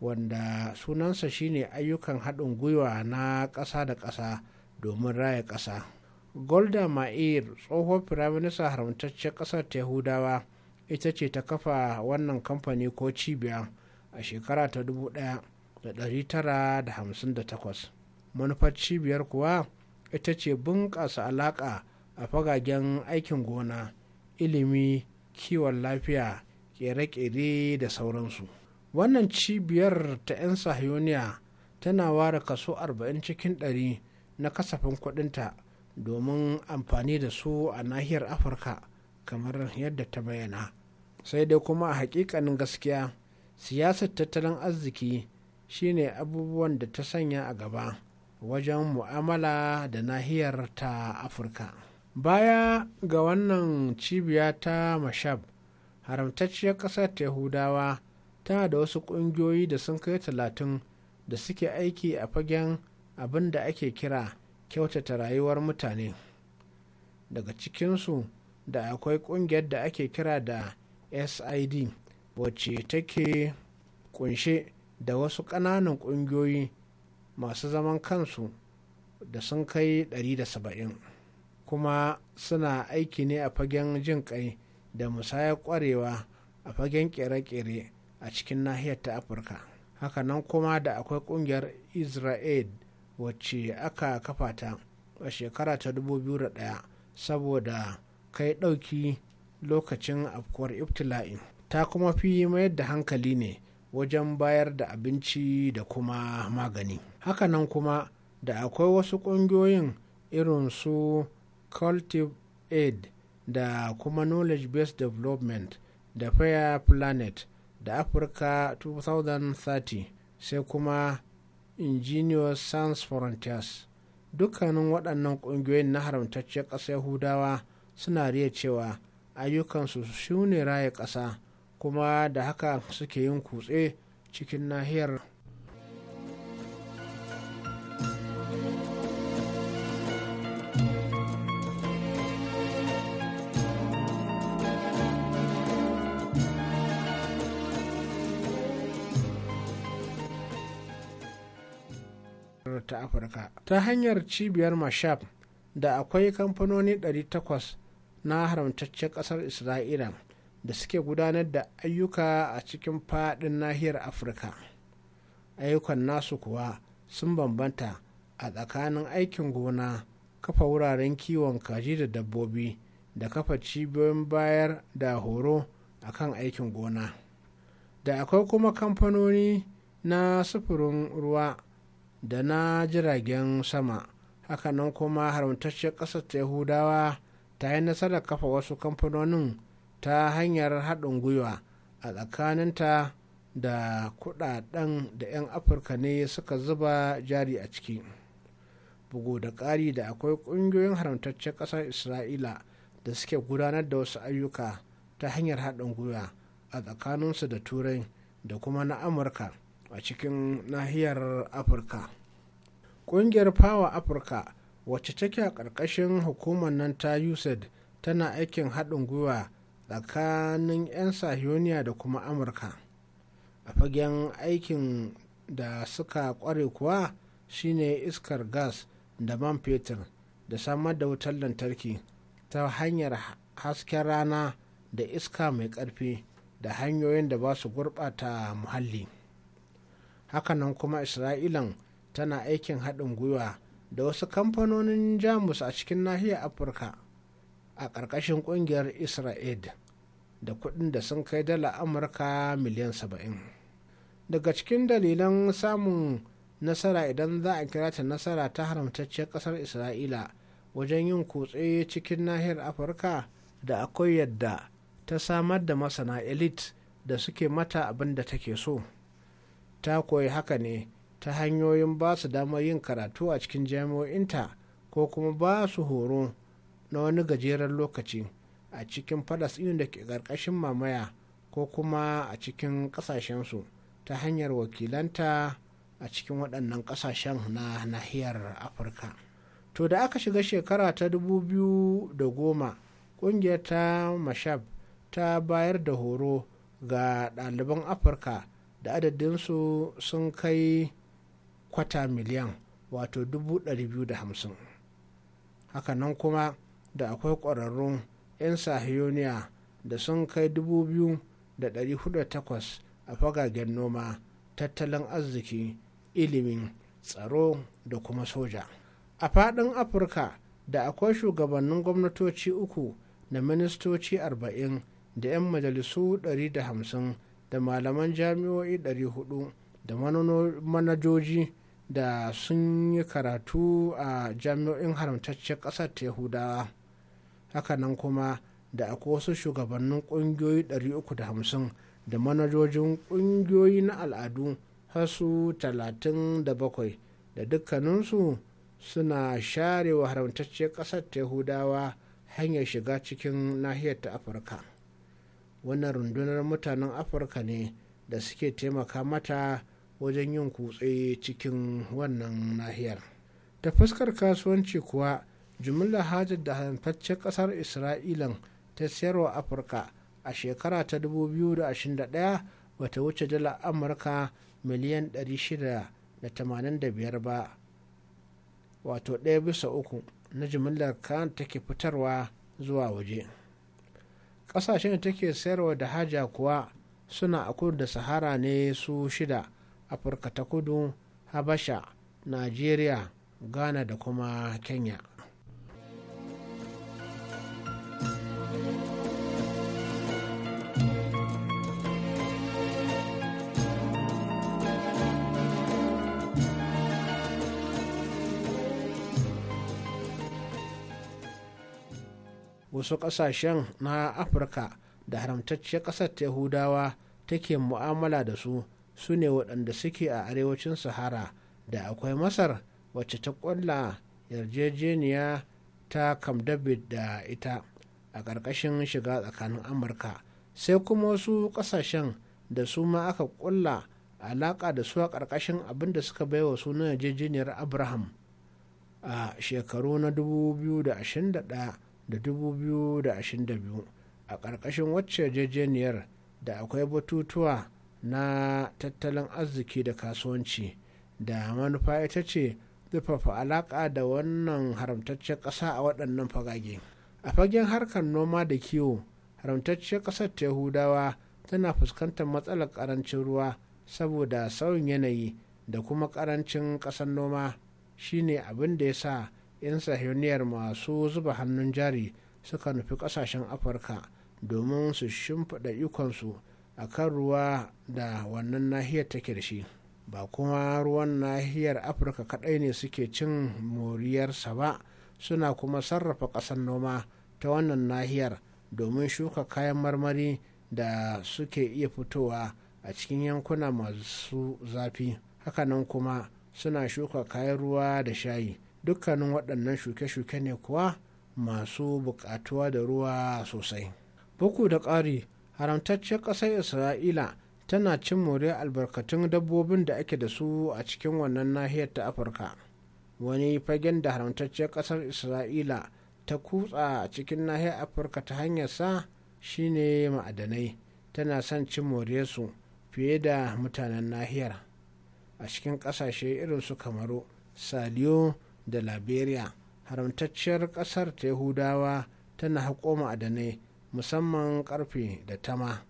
wanda sunansa shine ayyukan haɗin gwiwa na ƙasa da ƙasa domin raya ƙasa golda ma'ir tsohon firaminista haramtaccen ƙasar ta yahudawa ita ce ta kafa wannan kamfani ko cibiya a shekara ta 1958 manufar cibiyar kuwa ita ce bunƙasa alaƙa a fagagen aikin gona ilimi kiwon lafiya kere-kere da sauransu wannan cibiyar ta 'yan sahiyoniya tana ware kaso 40 cikin 100 na kasafin kudinta domin amfani da su a nahiyar afirka kamar yadda ta bayyana sai dai kuma a hakikanin gaskiya siyasar tattalin arziki shine abubuwan da ta sanya a gaba wajen mu'amala da nahiyar ta afirka baya ga wannan cibiya ta mashab haramtacciyar ƙasar ta yahudawa tana da wasu ƙungiyoyi da sun kai talatin da suke aiki a fagen abin da ake kira kyautata rayuwar mutane daga cikinsu da akwai ƙungiyar da ake kira da sid wacce take kunshe da wasu ƙananan ƙungiyoyi masu zaman kansu da sun kai 170 kuma suna aiki ne a fagen jin kai da musayar kwarewa a fagen kere-kere a cikin nahiyar ta afirka hakanan kuma da akwai kungiyar israel wacce aka kafa ta a shekara ta 2001 saboda kai ɗauki lokacin afkuwar Iftila'i. ta kuma fi mayar da hankali ne wajen bayar da abinci da kuma magani hakanan kuma da akwai wasu ƙungiyoyin irin su cultive aid da kuma knowledge based development da fair planet da africa 2030 sai kuma ingenious science frontiers dukkanin waɗannan ƙungiyoyin na haramtacciyar ƙasa yahudawa suna riya cewa ayyukansu su ne raye ƙasa kuma da haka suke yin kutse cikin nahiyar ta afirka ta hanyar cibiyar mashab da akwai kamfanoni 800 na haramtaccen kasar isra'ila da suke gudanar da ayyuka a cikin fadin nahiyar afirka ayyukan nasu kuwa sun bambanta a tsakanin aikin gona kafa wuraren kiwon kaji da dabbobi da kafa cibiyoyin bayar da horo a kan aikin gona da akwai kuma kamfanoni na sufurin ruwa da na jiragen sama hakanan kuma haramtacciyar ƙasar ta yahudawa ta yi nasarar kafa wasu kamfanonin ta hanyar haɗin gwiwa a tsakaninta da kudaden da 'yan afirka ne suka zuba jari a ciki bugu da ƙari da akwai ƙungiyoyin haramtaccen ƙasar isra'ila da suke gudanar da wasu ayyuka ta hanyar haɗin gwiwa a tsakaninsu da turai da kuma na amurka a cikin nahiyar afirka ƙungiyar power africa wacce take a ƙarƙashin hukumar nan ta usaid tana aikin haɗin gwiwa tsakanin 'yan sahiyoniya da kuma amurka a fagen aikin da suka ƙware kuwa shine iskar gas da man fetur da samar da wutar lantarki ta hanyar hasken rana da iska mai ƙarfi da hanyoyin da ba su gurɓata muhalli. hakanan kuma isra'ilan tana aikin haɗin gwiwa da wasu kamfanonin jamus a cikin nahiyar afirka a ƙarƙashin ƙungiyar isra'id da kuɗin da sun kai dala amurka miliyan saba'in daga cikin dalilan samun nasara idan za a kira ta nasara ta haramtacciyar ƙasar isra'ila wajen yin kutse cikin nahiyar afirka da akwai yadda ta samar da masana elite da suke mata abin da take so ta koyi haka ne ta hanyoyin ba su damar yin karatu a cikin jami'o'inta ko kuma ba su horo na wani gajeren lokaci a cikin falasɗin da ke ƙarƙashin mamaya ko kuma a cikin ƙasashensu ta hanyar wakilanta a cikin waɗannan ƙasashen na nahiyar afirka to da aka shiga shekara ta dubu biyu da goma ƙungiyar ta mashab ta bayar da horo ga ɗaliban afirka da adadinsu sun kai kwata miliyan wato 250 hakanan kuma da akwai ƙwararrun 'yan sahiyoniya da sun kai dubu biyu da takwas a fagagen noma tattalin arziki ilimin tsaro da kuma soja a faɗin afirka da akwai shugabannin gwamnatoci uku da ministoci arba'in da 'yan majalisu hamsin. da malaman jami'o'i 400 da manajoji da sun yi karatu a jami'o'in haramtaccen ƙasar ta yahudawa hakanan kuma da akwai wasu shugabannin ƙungiyoyi 350 da manajojin ƙungiyoyi na al'adu hasu 37 da dukkaninsu suna sharewa wa haramtacciyar ƙasar ta yahudawa hanyar shiga cikin nahiyar ta afirka wannan rundunar mutanen afirka ne da suke taimaka mata wajen yin kutse cikin wannan nahiyar ta fuskar kasuwanci kuwa jumlar hajar da hantaccen kasar isra'ilan ta sayarwa afirka a shekara ta 2021 bata wuce dala amurka miliyan 685 ba wato ɗaya bisa uku na jimillar kan take fitarwa zuwa waje. ƙasashen da take sayarwa da haja kuwa suna a kudu da sahara ne su shida afirka ta kudu habasha najeriya ghana da kuma kenya wasu ƙasashen na afirka da haramtacciyar ƙasar ta yahudawa take mu'amala da su su ne waɗanda suke a arewacin sahara da akwai masar wacce ta ƙulla yarjejeniya ta kam da ita a ƙarƙashin shiga tsakanin amurka sai kuma wasu ƙasashen da su ma aka ƙulla alaƙa da su a ƙarƙashin abin da suka bai baiwa sunan yarjejeniyar abraham a shekaru na 2021 da 2022 a ƙarƙashin wacce yarjejeniyar da akwai batutuwa na tattalin arziki da kasuwanci da manufa ita ce zufafa alaƙa da wannan haramtaccen ƙasa a waɗannan fagage a fagen harkar noma da kiwo haramtacciyar ƙasar ta yahudawa tana fuskantar matsalar ƙarancin ruwa saboda sauyin yanayi da kuma ƙarancin ƙasar noma shine abin da ya sa 'yan sahiyoniyar masu zuba hannun jari suka nufi kasashen afirka domin su shimfiɗa ikonsu a kan ruwa da wannan nahiyar take da ba kuma ruwan nahiyar afirka kaɗai ne suke cin moriyarsa ba suna kuma sarrafa ƙasar noma ta wannan nahiyar domin shuka kayan marmari da suke iya fitowa a cikin yankuna masu zafi hakanan kuma suna shuka kayan ruwa da shayi dukkanin waɗannan shuke-shuke ne kuwa masu buƙatuwa da ruwa sosai buku da ƙari haramtaccen ƙasar isra'ila tana cin more albarkatun dabbobin da ake da su a cikin wannan nahiyar ta afirka wani fagen da haramtacciyar ƙasar isra'ila ta kutsa a cikin nahiyar afirka ta hanyar sa shine ma'adanai tana son cin more su fiye da mutanen nahiyar a cikin ƙasashe irin su kamaru saliyo da liberia haramtacciyar kasar ta yahudawa tana a ma'adanai musamman ƙarfe da tama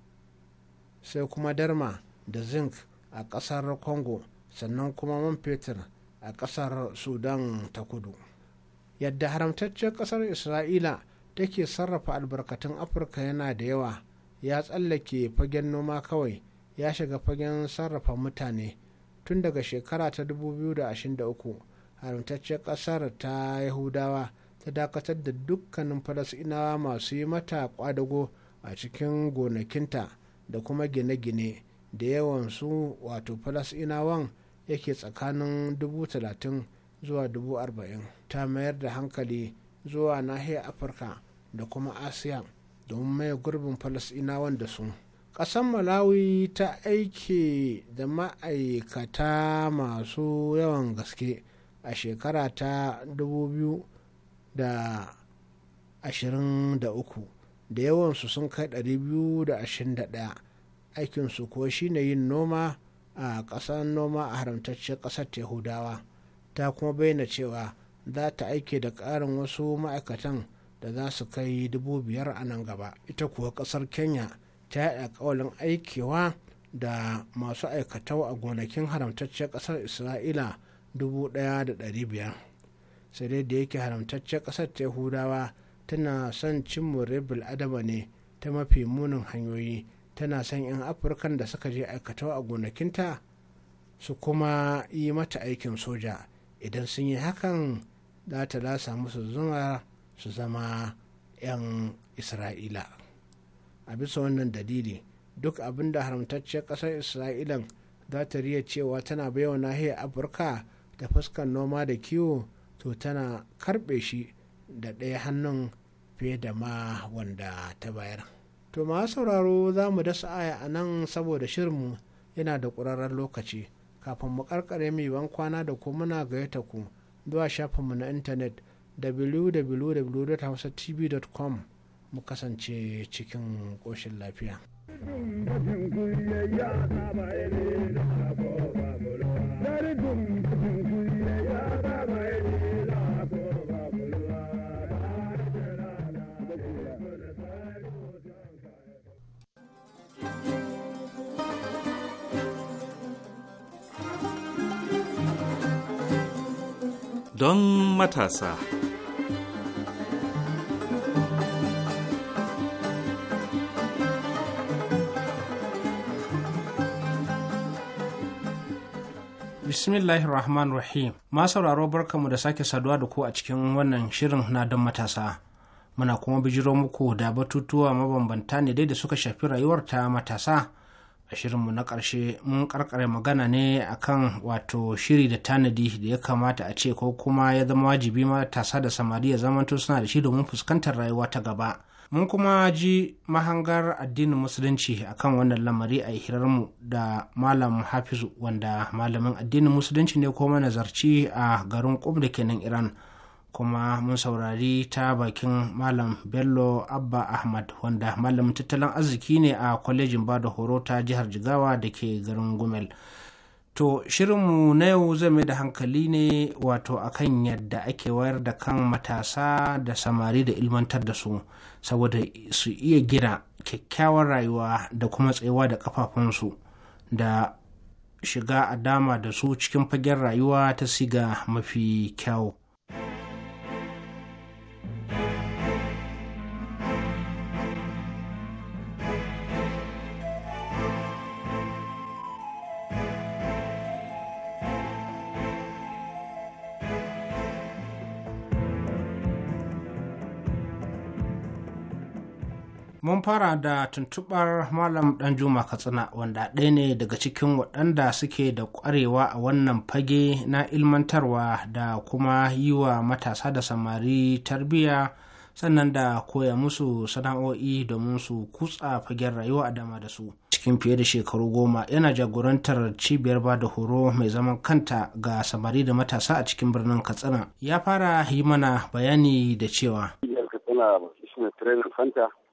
sai kuma darma da zinc a ƙasar congo sannan kuma man fetur a ƙasar sudan ta kudu yadda haramtacciyar kasar isra'ila take sarrafa albarkatun afirka yana da yawa ya tsallake fagen noma kawai ya shiga fagen sarrafa mutane tun daga shekara ta 2023 haramtaccen ƙasar ta yahudawa ta dakatar da dukkanin falasinawa masu yi mata kwadago a cikin gonakinta da kuma gine-gine da yawan su wato falasinawan yake tsakanin 30,000 zuwa dubu ta mayar da hankali zuwa nahiyar afirka da kuma asiya domin mai gurbin falasinawan da su ƙasar malawi ta aike da ma'aikata masu yawan gaske a shekara ta 2023 da yawansu sun kai 221 aikinsu kuwa shine yin noma a ƙasar noma a haramtaccen ƙasar yahudawa ta kuma bayyana cewa za ta aike da ƙarin wasu ma'aikatan da za su kai dubu biyar a nan gaba ita kuwa ƙasar kenya ta yi ƙawalin aikewa da masu aikatau a gonakin haramtaccen ƙasar isra'ila 1,500 sai dai da yake haramtacce ƙasar ta yahudawa tana son cin rebel adama ne ta mafi munin hanyoyi tana son 'yan afirkan da suka je aikata a gonakinta su kuma yi mata aikin soja idan sun yi hakan za ta lasa musu zuma su zama 'yan isra'ila a bisa wannan dalili duk abin da haramtacciyar ƙasar isra'ilan za ta riya cewa tana baiwa nahiyar afirka da fuskar noma da kiwo to tana karbe shi da ɗaya hannun fiye da ma wanda ta bayar to ma sauraro za mu dasa aya a nan saboda shirinmu yana da ƙurarren lokaci kafin mu karkare mai ban kwana da ku muna gayyata ku zuwa shafinmu na intanet www.hausatv.com mu kasance cikin ƙoshin lafiya. Dari don matasa. Bismillahir Rahman Rahim. Ma sauraro barkamu da sake saduwa da ku a cikin wannan shirin na don matasa. Muna kuma bijiro muku da batutuwa mabambanta ne dai da suka shafi rayuwar ta matasa. a shirinmu na ƙarshe mun karkare magana ne akan wato shiri da tanadi da ya kamata a ce ko kuma ya zama wajibi matasa da samari ya zamanto suna da shi domin fuskantar rayuwa ta gaba mun kuma ji mahangar addinin musulunci akan wannan lamari a hirarmu da malam hafizu wanda malamin addinin musulunci ne ko manazarci a garin kum da kenan iran kuma mun saurari ta bakin malam bello abba ahmad wanda malamin tattalin arziki ne a kwalejin bada horo ta jihar jigawa da ke garin gumel to shirinmu na yau zai mai da hankali ne wato akan yadda ake wayar da kan matasa da samari da ilmantar da su saboda su iya gina kyakkyawar rayuwa da kuma tsayuwa da kafafunsu da shiga a dama da su cikin fagen rayuwa ta siga mafi kyau mun fara da tuntubar malam danjuma katsina wanda ɗaya ne daga cikin waɗanda suke da ƙwarewa a wannan fage na ilmantarwa da kuma yi wa matasa da samari tarbiyya sannan da koya musu sana'o'i domin su kutsa fagen rayuwa a dama da su cikin fiye da shekaru goma yana jagorantar cibiyar ba da horo mai zaman kanta ga samari da matasa a cikin birnin katsina ya fara yi mana bayani da cewa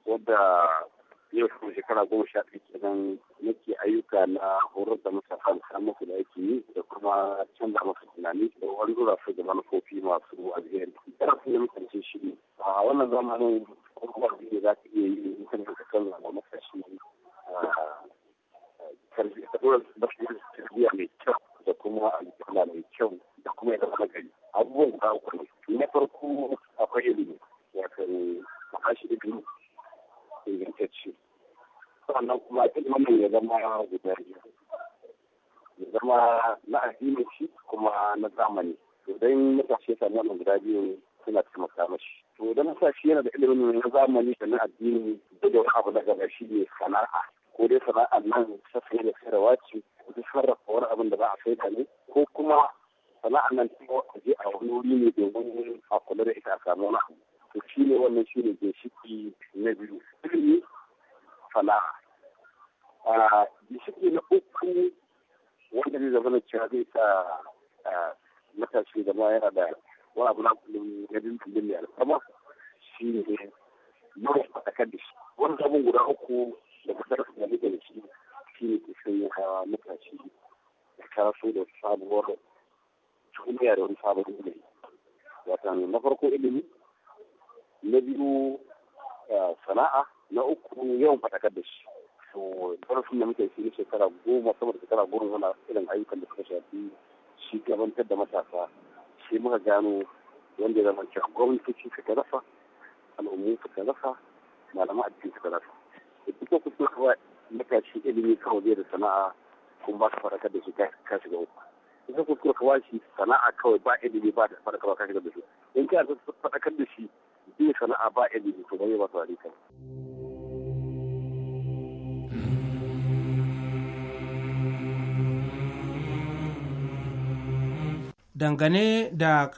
wadda yau kuma shekara goma sha ɗaya kenan nake ayyuka na horar da matasa da masu da ake yi da kuma canza masa tunani da wani zura su da manufofi masu alheri. Yana sun yi mutunci shi ne. A wannan zamanin kuma da za ka iya yi mutum da da matashi tarbiyya mai kyau da kuma alƙala mai kyau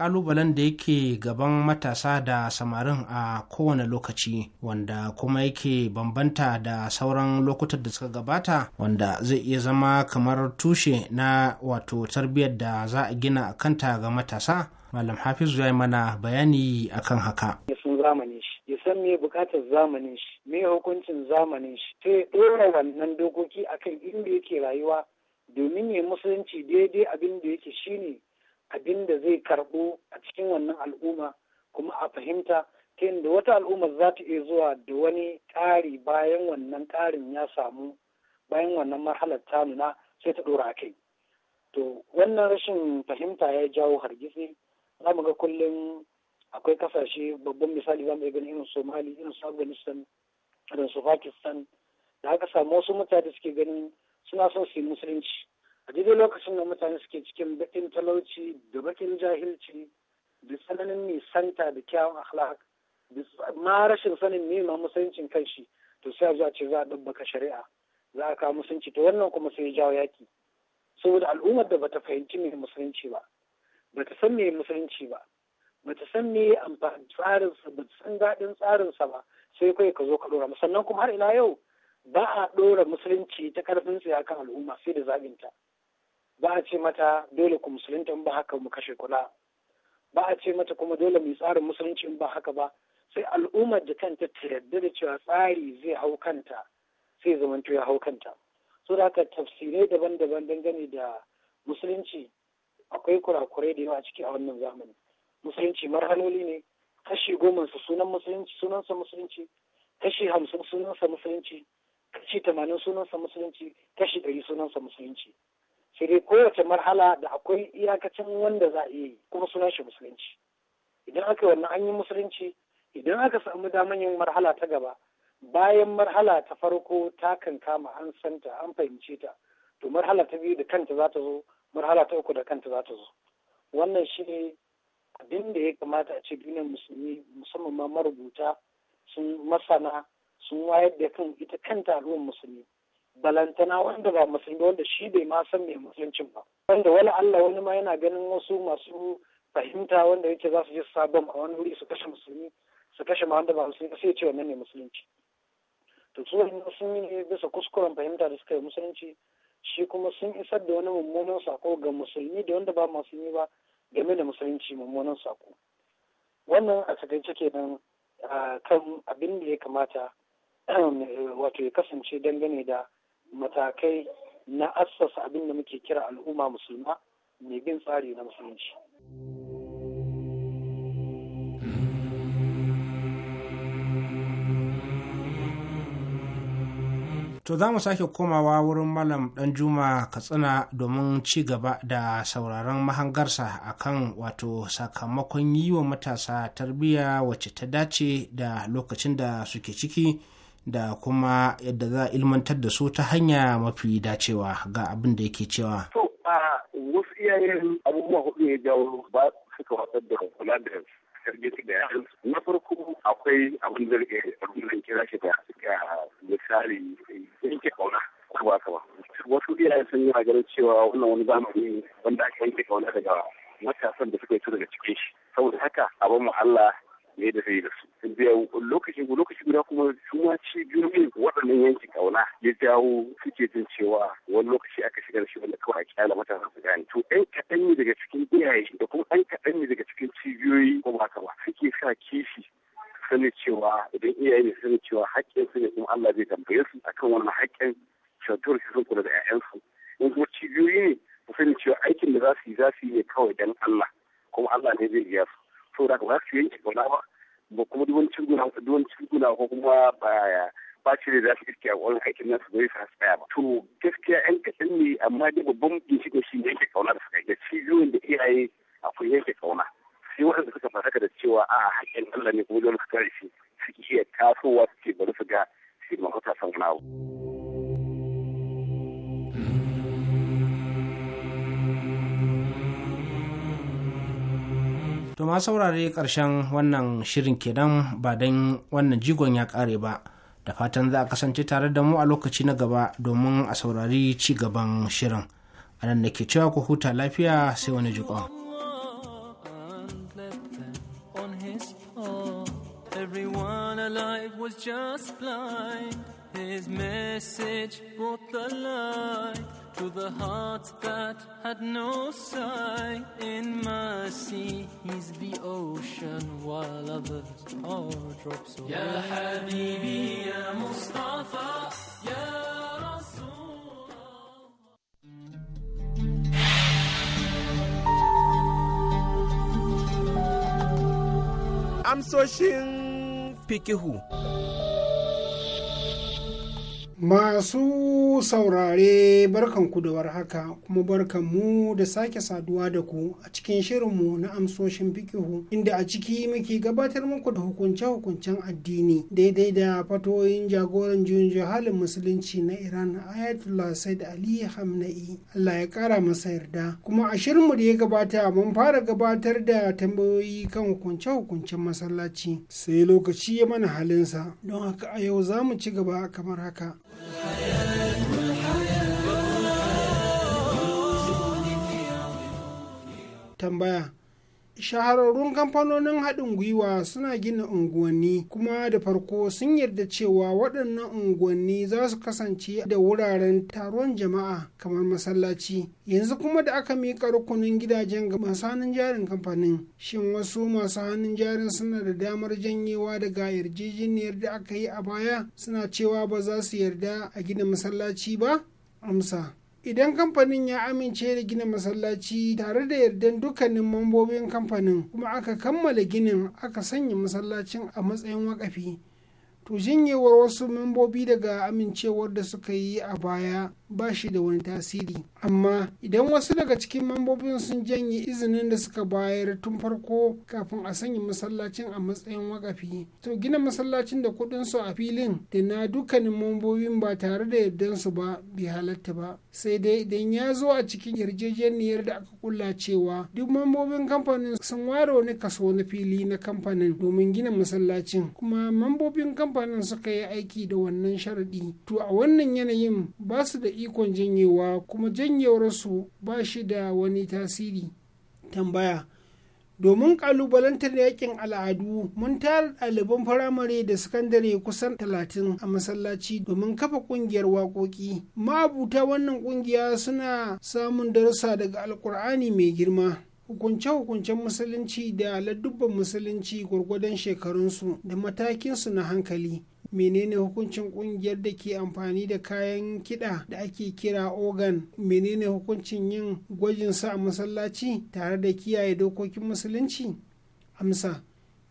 Kalubalen da yake gaban matasa da samarin a kowane lokaci wanda kuma yake bambanta da sauran lokutan da suka gabata wanda zai iya zama kamar tushe na wato tarbiyyar da za a gina kanta ga matasa malam hafizu ya yi mana bayani akan haka zamanin san me bukatar zamanin shi me hukuncin zamanin shi sai ɗora wannan dokoki akan inda yake rayuwa domin ya musulunci daidai abin da yake shine abin da zai karɓo a cikin wannan al'umma kuma a fahimta ta yadda wata al'umma za ta iya zuwa da wani ƙari bayan wannan ƙarin ya samu bayan wannan marhalar ta nuna sai ta ɗora a kai to wannan rashin fahimta ya jawo hargitsi za mu ga kullum akwai kasashe babban misali za mu iya ganin irin somali irin su afghanistan irin su pakistan da aka samu wasu mutane suke ganin suna son su yi musulunci a daidai lokacin da mutane suke cikin baƙin talauci da baƙin jahilci da tsananin nisanta da kyawun akhlaq ma rashin sanin nema kan shi to sai a zuwa ce za a ɗabbaka shari'a za a kawo musulunci to wannan kuma sai ya jawo yaƙi saboda al'ummar da bata fahimci mai musulunci ba bata san mai musulunci ba bata san me amfani tsarin sa bata san daɗin tsarin sa ba sai kawai ka zo ka ɗora sannan kuma har ila yau ba a ɗora musulunci ta karfin a kan al'umma sai da ta. ba a ce mata dole ku musulunta ba haka mu kashe kula ba a ce mata kuma dole mu tsarin musulunci ba haka ba sai al'ummar da kanta ta yarda da cewa tsari zai hau kanta sai zamanto ya hau kanta so da haka tafsirai daban-daban dangane da musulunci akwai kurakurai da yawa a ciki a wannan zamani musulunci marhaloli ne kashi goma su sunan musulunci sunansa musulunci kashi hamsin sunansa musulunci kashi tamanin sunansa musulunci kashi ɗari sunansa musulunci sai kowace marhala da akwai iyakacin wanda za a yi kuma sunan shi musulunci idan aka wannan an yi musulunci idan aka samu daman yin marhala ta gaba bayan marhala ta farko ta kan kama an santa an fahimce ta to marhala ta biyu da kanta za ta zo marhala ta uku da kanta za ta zo wannan shi ne abin da ya kamata a ce duniyar musulmi musamman ma marubuta sun masana sun wayar da kan ita kanta al'ummar musulmi balantana wanda ba musulmi wanda shi bai ma san mai musuluncin ba wanda wala Allah wani ma yana ganin wasu masu fahimta wanda yake za su je su sabon a wani wuri su kashe musulmi su kashe ma wanda ba musulmi sai ya ce wannan ne musulunci to su wani musulmi ne bisa kuskuren fahimta da suka yi musulunci shi kuma sun isar da wani mummunan sako ga musulmi da wanda ba musulmi ba game da musulunci mummunan sako wannan a takaice kenan kan abin da ya kamata wato ya kasance dangane da matakai na assasa abin da muke kira al'umma musulma mai bin tsari na musulunci. To za mu sake komawa wurin Malam dan juma Katsina domin ci gaba da sauraron mahangarsa kan wato sakamakon yi wa matasa tarbiyya wacce ta dace da lokacin da suke ciki. da kuma yadda za a ilmantar da su ta hanya mafi dacewa ga abin da yake cewa. To, wasu iyayen abubuwa hudu ya jawo ba suka watsar da kula da tarbiyyar da yaran na farko akwai abin da rike rubunan kira shi da misali yanke kauna ko ba wasu iyayen sun yi maganar cewa wannan wani zamani wanda aka yanke kauna daga matasan da suka yi daga cikin shi saboda haka abin mu Allah ne da sai da su biya lokaci lokaci guda kuma su ma ne waɗannan yanki kauna ya jawo suke jin cewa wani lokaci aka shiga da shi wanda kawai a kyala matasa su gane to ɗan kaɗan ne daga cikin iyaye da kuma ɗan kaɗan ne daga cikin cibiyoyi ko ba ka ba suke sa kishi sani cewa idan iyaye ne sani cewa haƙƙin su ne kuma Allah zai tambaye su akan wannan haƙƙin shantuwar su sun kula da 'ya'yansu in kuma cibiyoyi ne su sani cewa aikin da za su yi za su yi ne kawai dan Allah kuma Allah ne zai biya su saura haka ba su yanke gona ba ba kuma duwancin guna guna ko kuma ba ba da za su iske a wurin aikin nasu zai sa su tsaya ba. To gaskiya 'yan kaɗan ne amma dai babban ginshiƙin shi yanke kauna da suka yi da cibiyoyin da iyaye akwai yanke kauna. sai waɗanda suka fasaka da cewa a haƙƙin Allah ne kuma dole su kare shi suke iya tasowa suke bari su ga shi mahuta san to ma saurare karshen wannan shirin kenan ba dan wannan jigon ya kare ba da fatan za a kasance tare da mu a lokaci na gaba domin a saurari ci gaban shirin a nan da ke cewa ku huta lafiya sai wani jikon. Everyone alive was just His message brought the light to the hearts that had no sight. In mercy, He's the ocean, while others are drops away. Ya Habibi, Ya Mustafa, Ya Rasulullah. Amsoshin who. Masu saurare barkan da haka kuma barkan mu da sake saduwa da ku a cikin shirinmu na amsoshin fikihu inda a ciki muke gabatar muku da hukunce-hukuncen addini daidai da fatoyin jagoran juyin jihalin musulunci na Iran Ayatollah Said Ali Hamna'i Allah ya kara masa yarda kuma a shirinmu da ya gabata mun fara gabatar da tambayoyi kan hukunce-hukuncen masallaci sai lokaci ya mana halinsa don haka a yau za mu ci gaba kamar haka. tambaya shahararrun kamfanonin haɗin gwiwa suna gina unguwanni kuma da farko sun yarda cewa waɗannan unguwanni za su kasance da wuraren taron jama'a kamar masallaci yanzu kuma da aka miƙa rukunin gidajen ga masu hannun jarin kamfanin shin wasu masu hannun jarin suna da damar janyewa daga yarjejeniyar da aka yi a baya suna cewa ba za su yarda a gina masallaci ba amsa idan kamfanin ya amince da gina masallaci tare da yardan dukkanin mambobin kamfanin kuma aka kammala ginin aka sanya masallacin a matsayin wakafi to jinyewar wasu mambobi daga amincewar da suka yi a baya ba shi da wani tasiri amma idan wasu daga cikin mambobin sun janye izinin da suka bayar tun farko kafin a sanya masallacin a matsayin wakafi to gina masallacin da kuɗin su a filin da na dukkanin mambobin ba tare da yardan su ba bai halatta ba sai dai idan ya zo a cikin yarjejeniyar da aka kulla cewa duk mambobin kamfanin sun ware wani kaso na fili na kamfanin domin gina masallacin kuma mambobin kamfanin suka yi aiki da wannan sharadi to a wannan yanayin ba su da ikon janyewa kuma janyewarsu ba shi da wani tasiri tambaya domin kalubalantar yakin al'adu mun tara ɗaliban firamare da sakandare kusan talatin a masallaci domin kafa ƙungiyar waƙoƙi ma'abuta wannan ƙungiya suna samun darussa daga alƙur'ani mai girma hukunce-hukuncen musulunci da ladubban musulunci gwargwadon shekarunsu da matakinsu na hankali menene hukuncin kungiyar da ke amfani da kayan kiɗa da ake kira organ menene hukuncin yin gwajin sa a masallaci tare da kiyaye dokokin musulunci amsa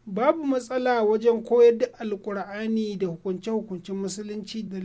babu matsala wajen koyar da alkur'ani da hukunce-hukuncen musulunci da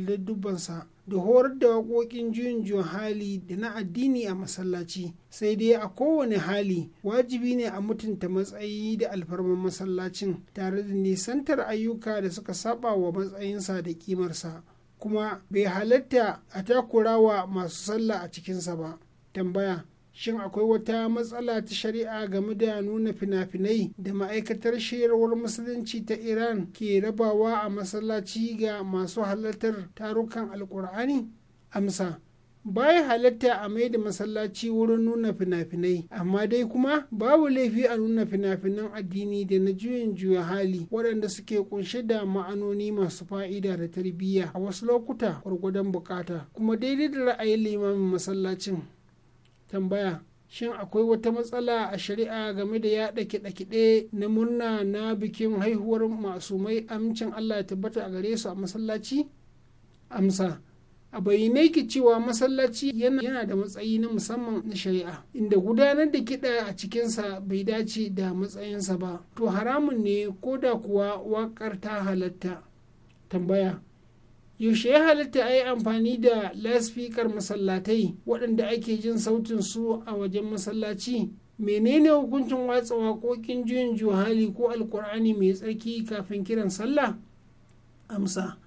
da horar da waƙoƙin juyin juyin hali da na addini a masallaci sai dai a kowane hali wajibi ne a mutunta matsayi da alfarman masallacin tare da nisantar ayyuka da suka saba wa matsayinsa da kimarsa kuma bai halatta a takurawa masu sallah a cikinsa ba tambaya shin akwai wata matsala ta shari'a game da nuna fina-finai da ma'aikatar shirarwar musulunci ta iran ke rabawa a masallaci ga masu halartar tarukan alkur'ani amsa baya halatta a mai da masallaci wurin nuna fina-finai amma dai kuma babu laifi a nuna fina-finan addini da na juyin juya hali waɗanda suke kunshe da ma'anoni masu fa'ida da tarbiyya a wasu lokuta gwargwadon bukata kuma daidai da ra'ayin limamin masallacin tambaya shin akwai wata matsala a shari'a game da yaɗa kiɗe-kiɗe na murna na bikin haihuwar masu mai amincin allah ya tabbata a gare su a masallaci amsa a bayyane ki cewa masallaci yana da matsayi na musamman na shari'a inda gudanar da kiɗa a cikinsa bai dace da matsayinsa ba to haramun ne ko da kuwa waƙar ta halatta tambaya yaushe ya halitta a yi amfani da lasfikar masallatai waɗanda ake jin sautin su a wajen masallaci menene hukuncin watsa waƙoƙin juyin juhali ko alkur'ani mai tsarki kafin kiran sallah amsa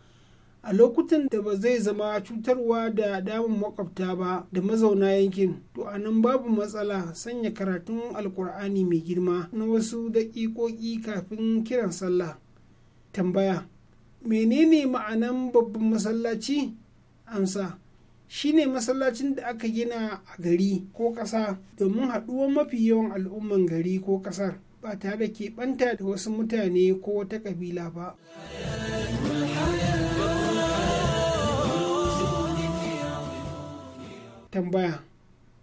a lokutan da ba zai zama cutarwa da damun makwabta ba da mazauna yankin to a nan babu matsala sanya karatun alkur'ani mai girma na wasu daƙiƙoƙi kafin kiran sallah tambaya menene ma'anan babban masallaci amsa shine masallacin da aka gina a gari ko ƙasa domin haɗuwar mafi yawan al'umman gari ko ƙasar ba tare da banta da wasu mutane ko wata ƙabila ba tambaya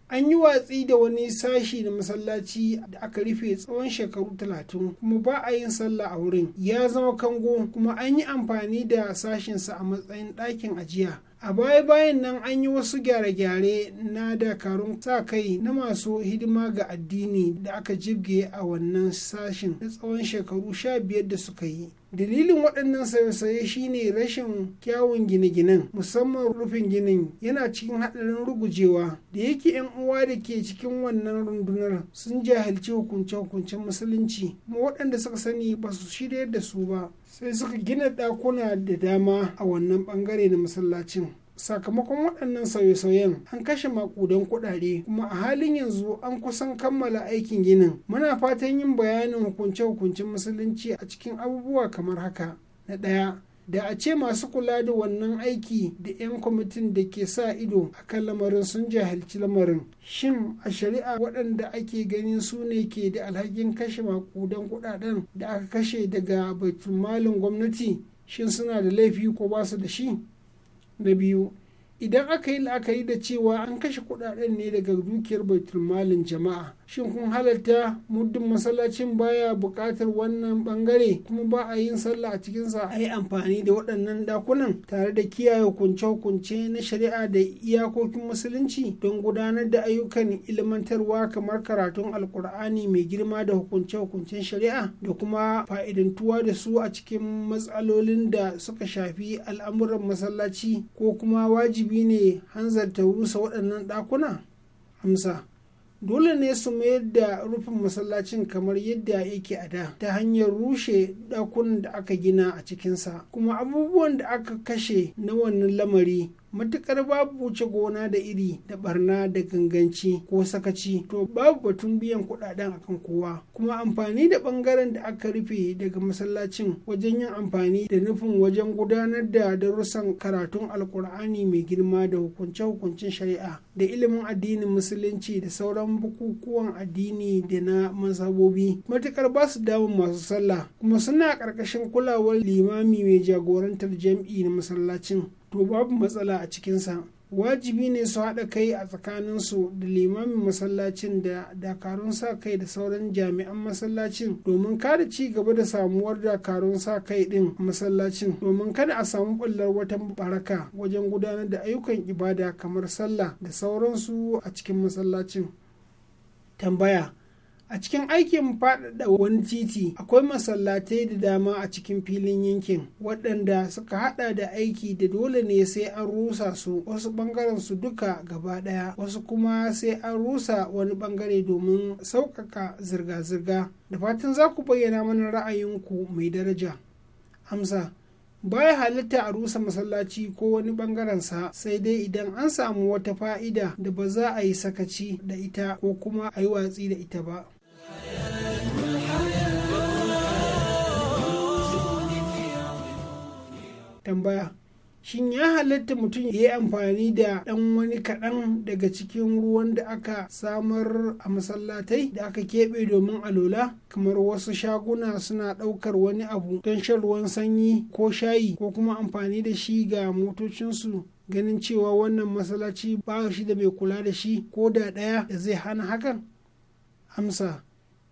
an yi watsi da wani sashi na masallaci da aka rufe tsawon shekaru talatin kuma ba a yin sallah a wurin ya zama kango kuma an yi amfani da sashinsa a matsayin ɗakin ajiya a baya bayan nan an yi wasu gyare-gyare na dakarun sa kai na masu hidima ga addini da aka jibge a wannan sashin na tsawon shekaru sha biyar da suka yi dalilin waɗannan sauye-sauye shine rashin kyawun gine-ginen musamman rufin ginin yana cikin haɗarin rugujewa da yake 'yan uwa da ke cikin wannan rundunar sun jahilci hukunce-hukuncen musulunci kuma waɗanda suka sani ba su shirya da su ba sai suka gina ɗakuna da dama a wannan ɓangare na masallacin sakamakon waɗannan sauye-sauyen an kashe makudan kuɗaɗe kuma a halin yanzu an kusan kammala aikin ginin muna fatan yin bayanin hukunce-hukuncen musulunci a cikin abubuwa kamar haka na ɗaya da a ce masu kula da wannan aiki da 'yan kwamitin da ke sa ido a kan lamarin sun jahilci lamarin shin a shari'a waɗanda ake ganin su ne ke da alhakin kashe makudan kuɗaɗen da aka kashe daga baitulmalin gwamnati shin suna da laifi ko basu da shi maybe you idan aka yi la'akari da cewa an kashe kudaden ne daga dukiyar baitulmalin jama'a shin kun halarta muddin masallacin baya bukatar wannan bangare kuma ba a yin sallah a cikinsa a yi amfani da waɗannan dakunan tare da kiyaye hukunce-hukunce na shari'a da iyakokin musulunci don gudanar da ayyukan ilmantarwa kamar karatun alkur'ani mai girma da hukunce-hukuncen shari'a da kuma fa'idantuwa da su a cikin matsalolin da suka shafi al'amuran masallaci ko kuma wajibi wajibi ne hanzarta rusa waɗannan ɗakuna amsa dole ne su mayar da rufin masallacin kamar yadda yake a da ta hanyar rushe ɗakunan da aka gina a cikinsa kuma abubuwan da aka kashe na wannan lamari matukar babu wuce gona da iri da barna da ganganci ko sakaci to babu batun biyan kuɗaɗen akan kowa kuma amfani da ɓangaren da aka rufe daga masallacin wajen yin amfani da nufin wajen gudanar da darussan karatun alkur'ani mai girma da hukunce-hukuncen shari'a da ilimin addinin musulunci da sauran bukukuwan addini da na mazhabobi matukar ba su damun masu sallah kuma suna ƙarƙashin kulawar limami mai jagorantar jam'i na masallacin to babu matsala a cikinsa wajibi ne su haɗa kai a tsakaninsu da limamin masallacin da dakarun sa kai da sauran jami'an masallacin domin kada ci gaba da samuwar dakarun sa kai ɗin masallacin domin kada a samu ɓullar wata baraka wajen gudanar da ayyukan ibada kamar sallah da sauransu a cikin masallacin tambaya a cikin aikin faɗaɗa wani titi akwai masallatai da dama a cikin filin yankin waɗanda suka haɗa da aiki da dole ne sai an rusa su wasu ɓangaren su duka gaba ɗaya wasu kuma sai an rusa wani ɓangare domin sauƙaƙa zirga-zirga da fatan za ku bayyana mana ra'ayinku mai daraja amsa baya halitta a rusa masallaci ko wani bangarensa sai dai idan an samu wata fa'ida da ba za a yi sakaci da ita ko kuma a yi watsi da ita ba tambaya shin ya halatta mutum ya yi amfani da ɗan wani kaɗan daga cikin ruwan da aka samar a masallatai da aka keɓe domin alola kamar wasu shaguna suna ɗaukar wani abu don shan ruwan sanyi ko shayi ko kuma amfani da shi ga motocinsu ganin cewa wannan masallaci ba shi da mai kula da shi ko da ɗaya da zai hana hakan amsa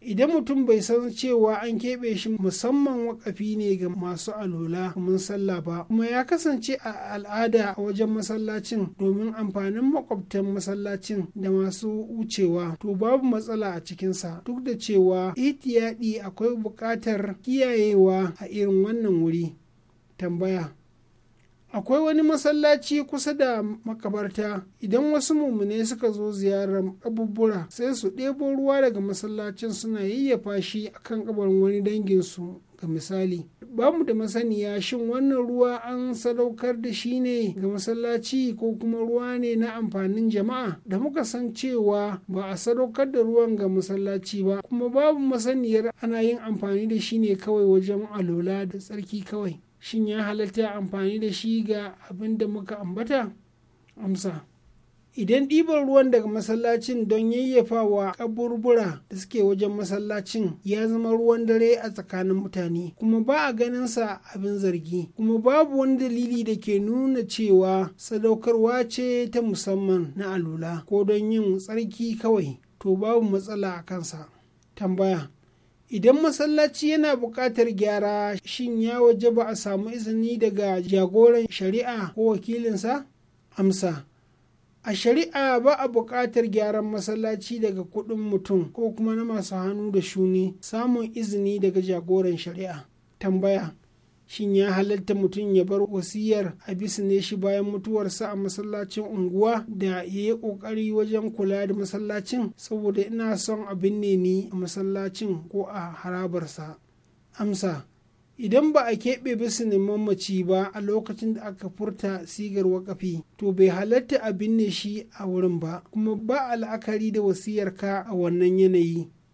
idan mutum bai san cewa an keɓe shi musamman wakafi ne ga masu alola mun sallah ba kuma ya kasance a al'ada a wajen masallacin domin amfanin makwabtan masallacin da masu wucewa to babu matsala a cikinsa duk da cewa itiyadi akwai buƙatar kiyayewa a irin wannan wuri tambaya akwai wani masallaci kusa da makabarta idan wasu mummune suka zo ziyarar abubuwa sai su ɗebo ruwa daga masallacin suna yayyafa shi akan kabarin wani danginsu ga misali bamu da masaniya shin wannan ruwa an sadaukar da shi ne ga masallaci ko kuma ruwa ne na amfanin jama'a da muka san cewa ba a sadaukar da ruwan ga masallaci ba kuma babu masaniyar ana yin amfani da shi ne kawai wajen alola da tsarki kawai shin ya halatta amfani da shi ga abin da muka ambata amsa idan ɗiban ruwan daga masallacin don yayyafawa kaburbura da suke wajen masallacin ya zama ruwan dare a tsakanin mutane kuma ba a ganin sa abin zargi kuma babu wani dalili da ke nuna cewa sadaukarwa ce ta musamman na alula ko don yin tsarki kawai to babu matsala a kansa tambaya idan masallaci yana buƙatar gyara shin ya waje ba a samu izini daga jagoran shari'a ko wakilinsa amsa a shari'a ba a buƙatar gyaran masallaci daga kuɗin mutum ko kuma na masu hannu da shuni samun izini daga jagoran shari'a tambaya shin ya halatta mutum ya bar wasiyar a ne shi bayan mutuwarsa a masallacin unguwa da ya yi kokari wajen kula da masallacin saboda ina son a binne ni a masallacin ko a harabarsa amsa idan ba a keɓe bisinin mamaci ba a lokacin da aka furta sigar wakafi to bai halatta a binne shi a wurin ba kuma ba a la'akari da wasiyarka a wannan yanayi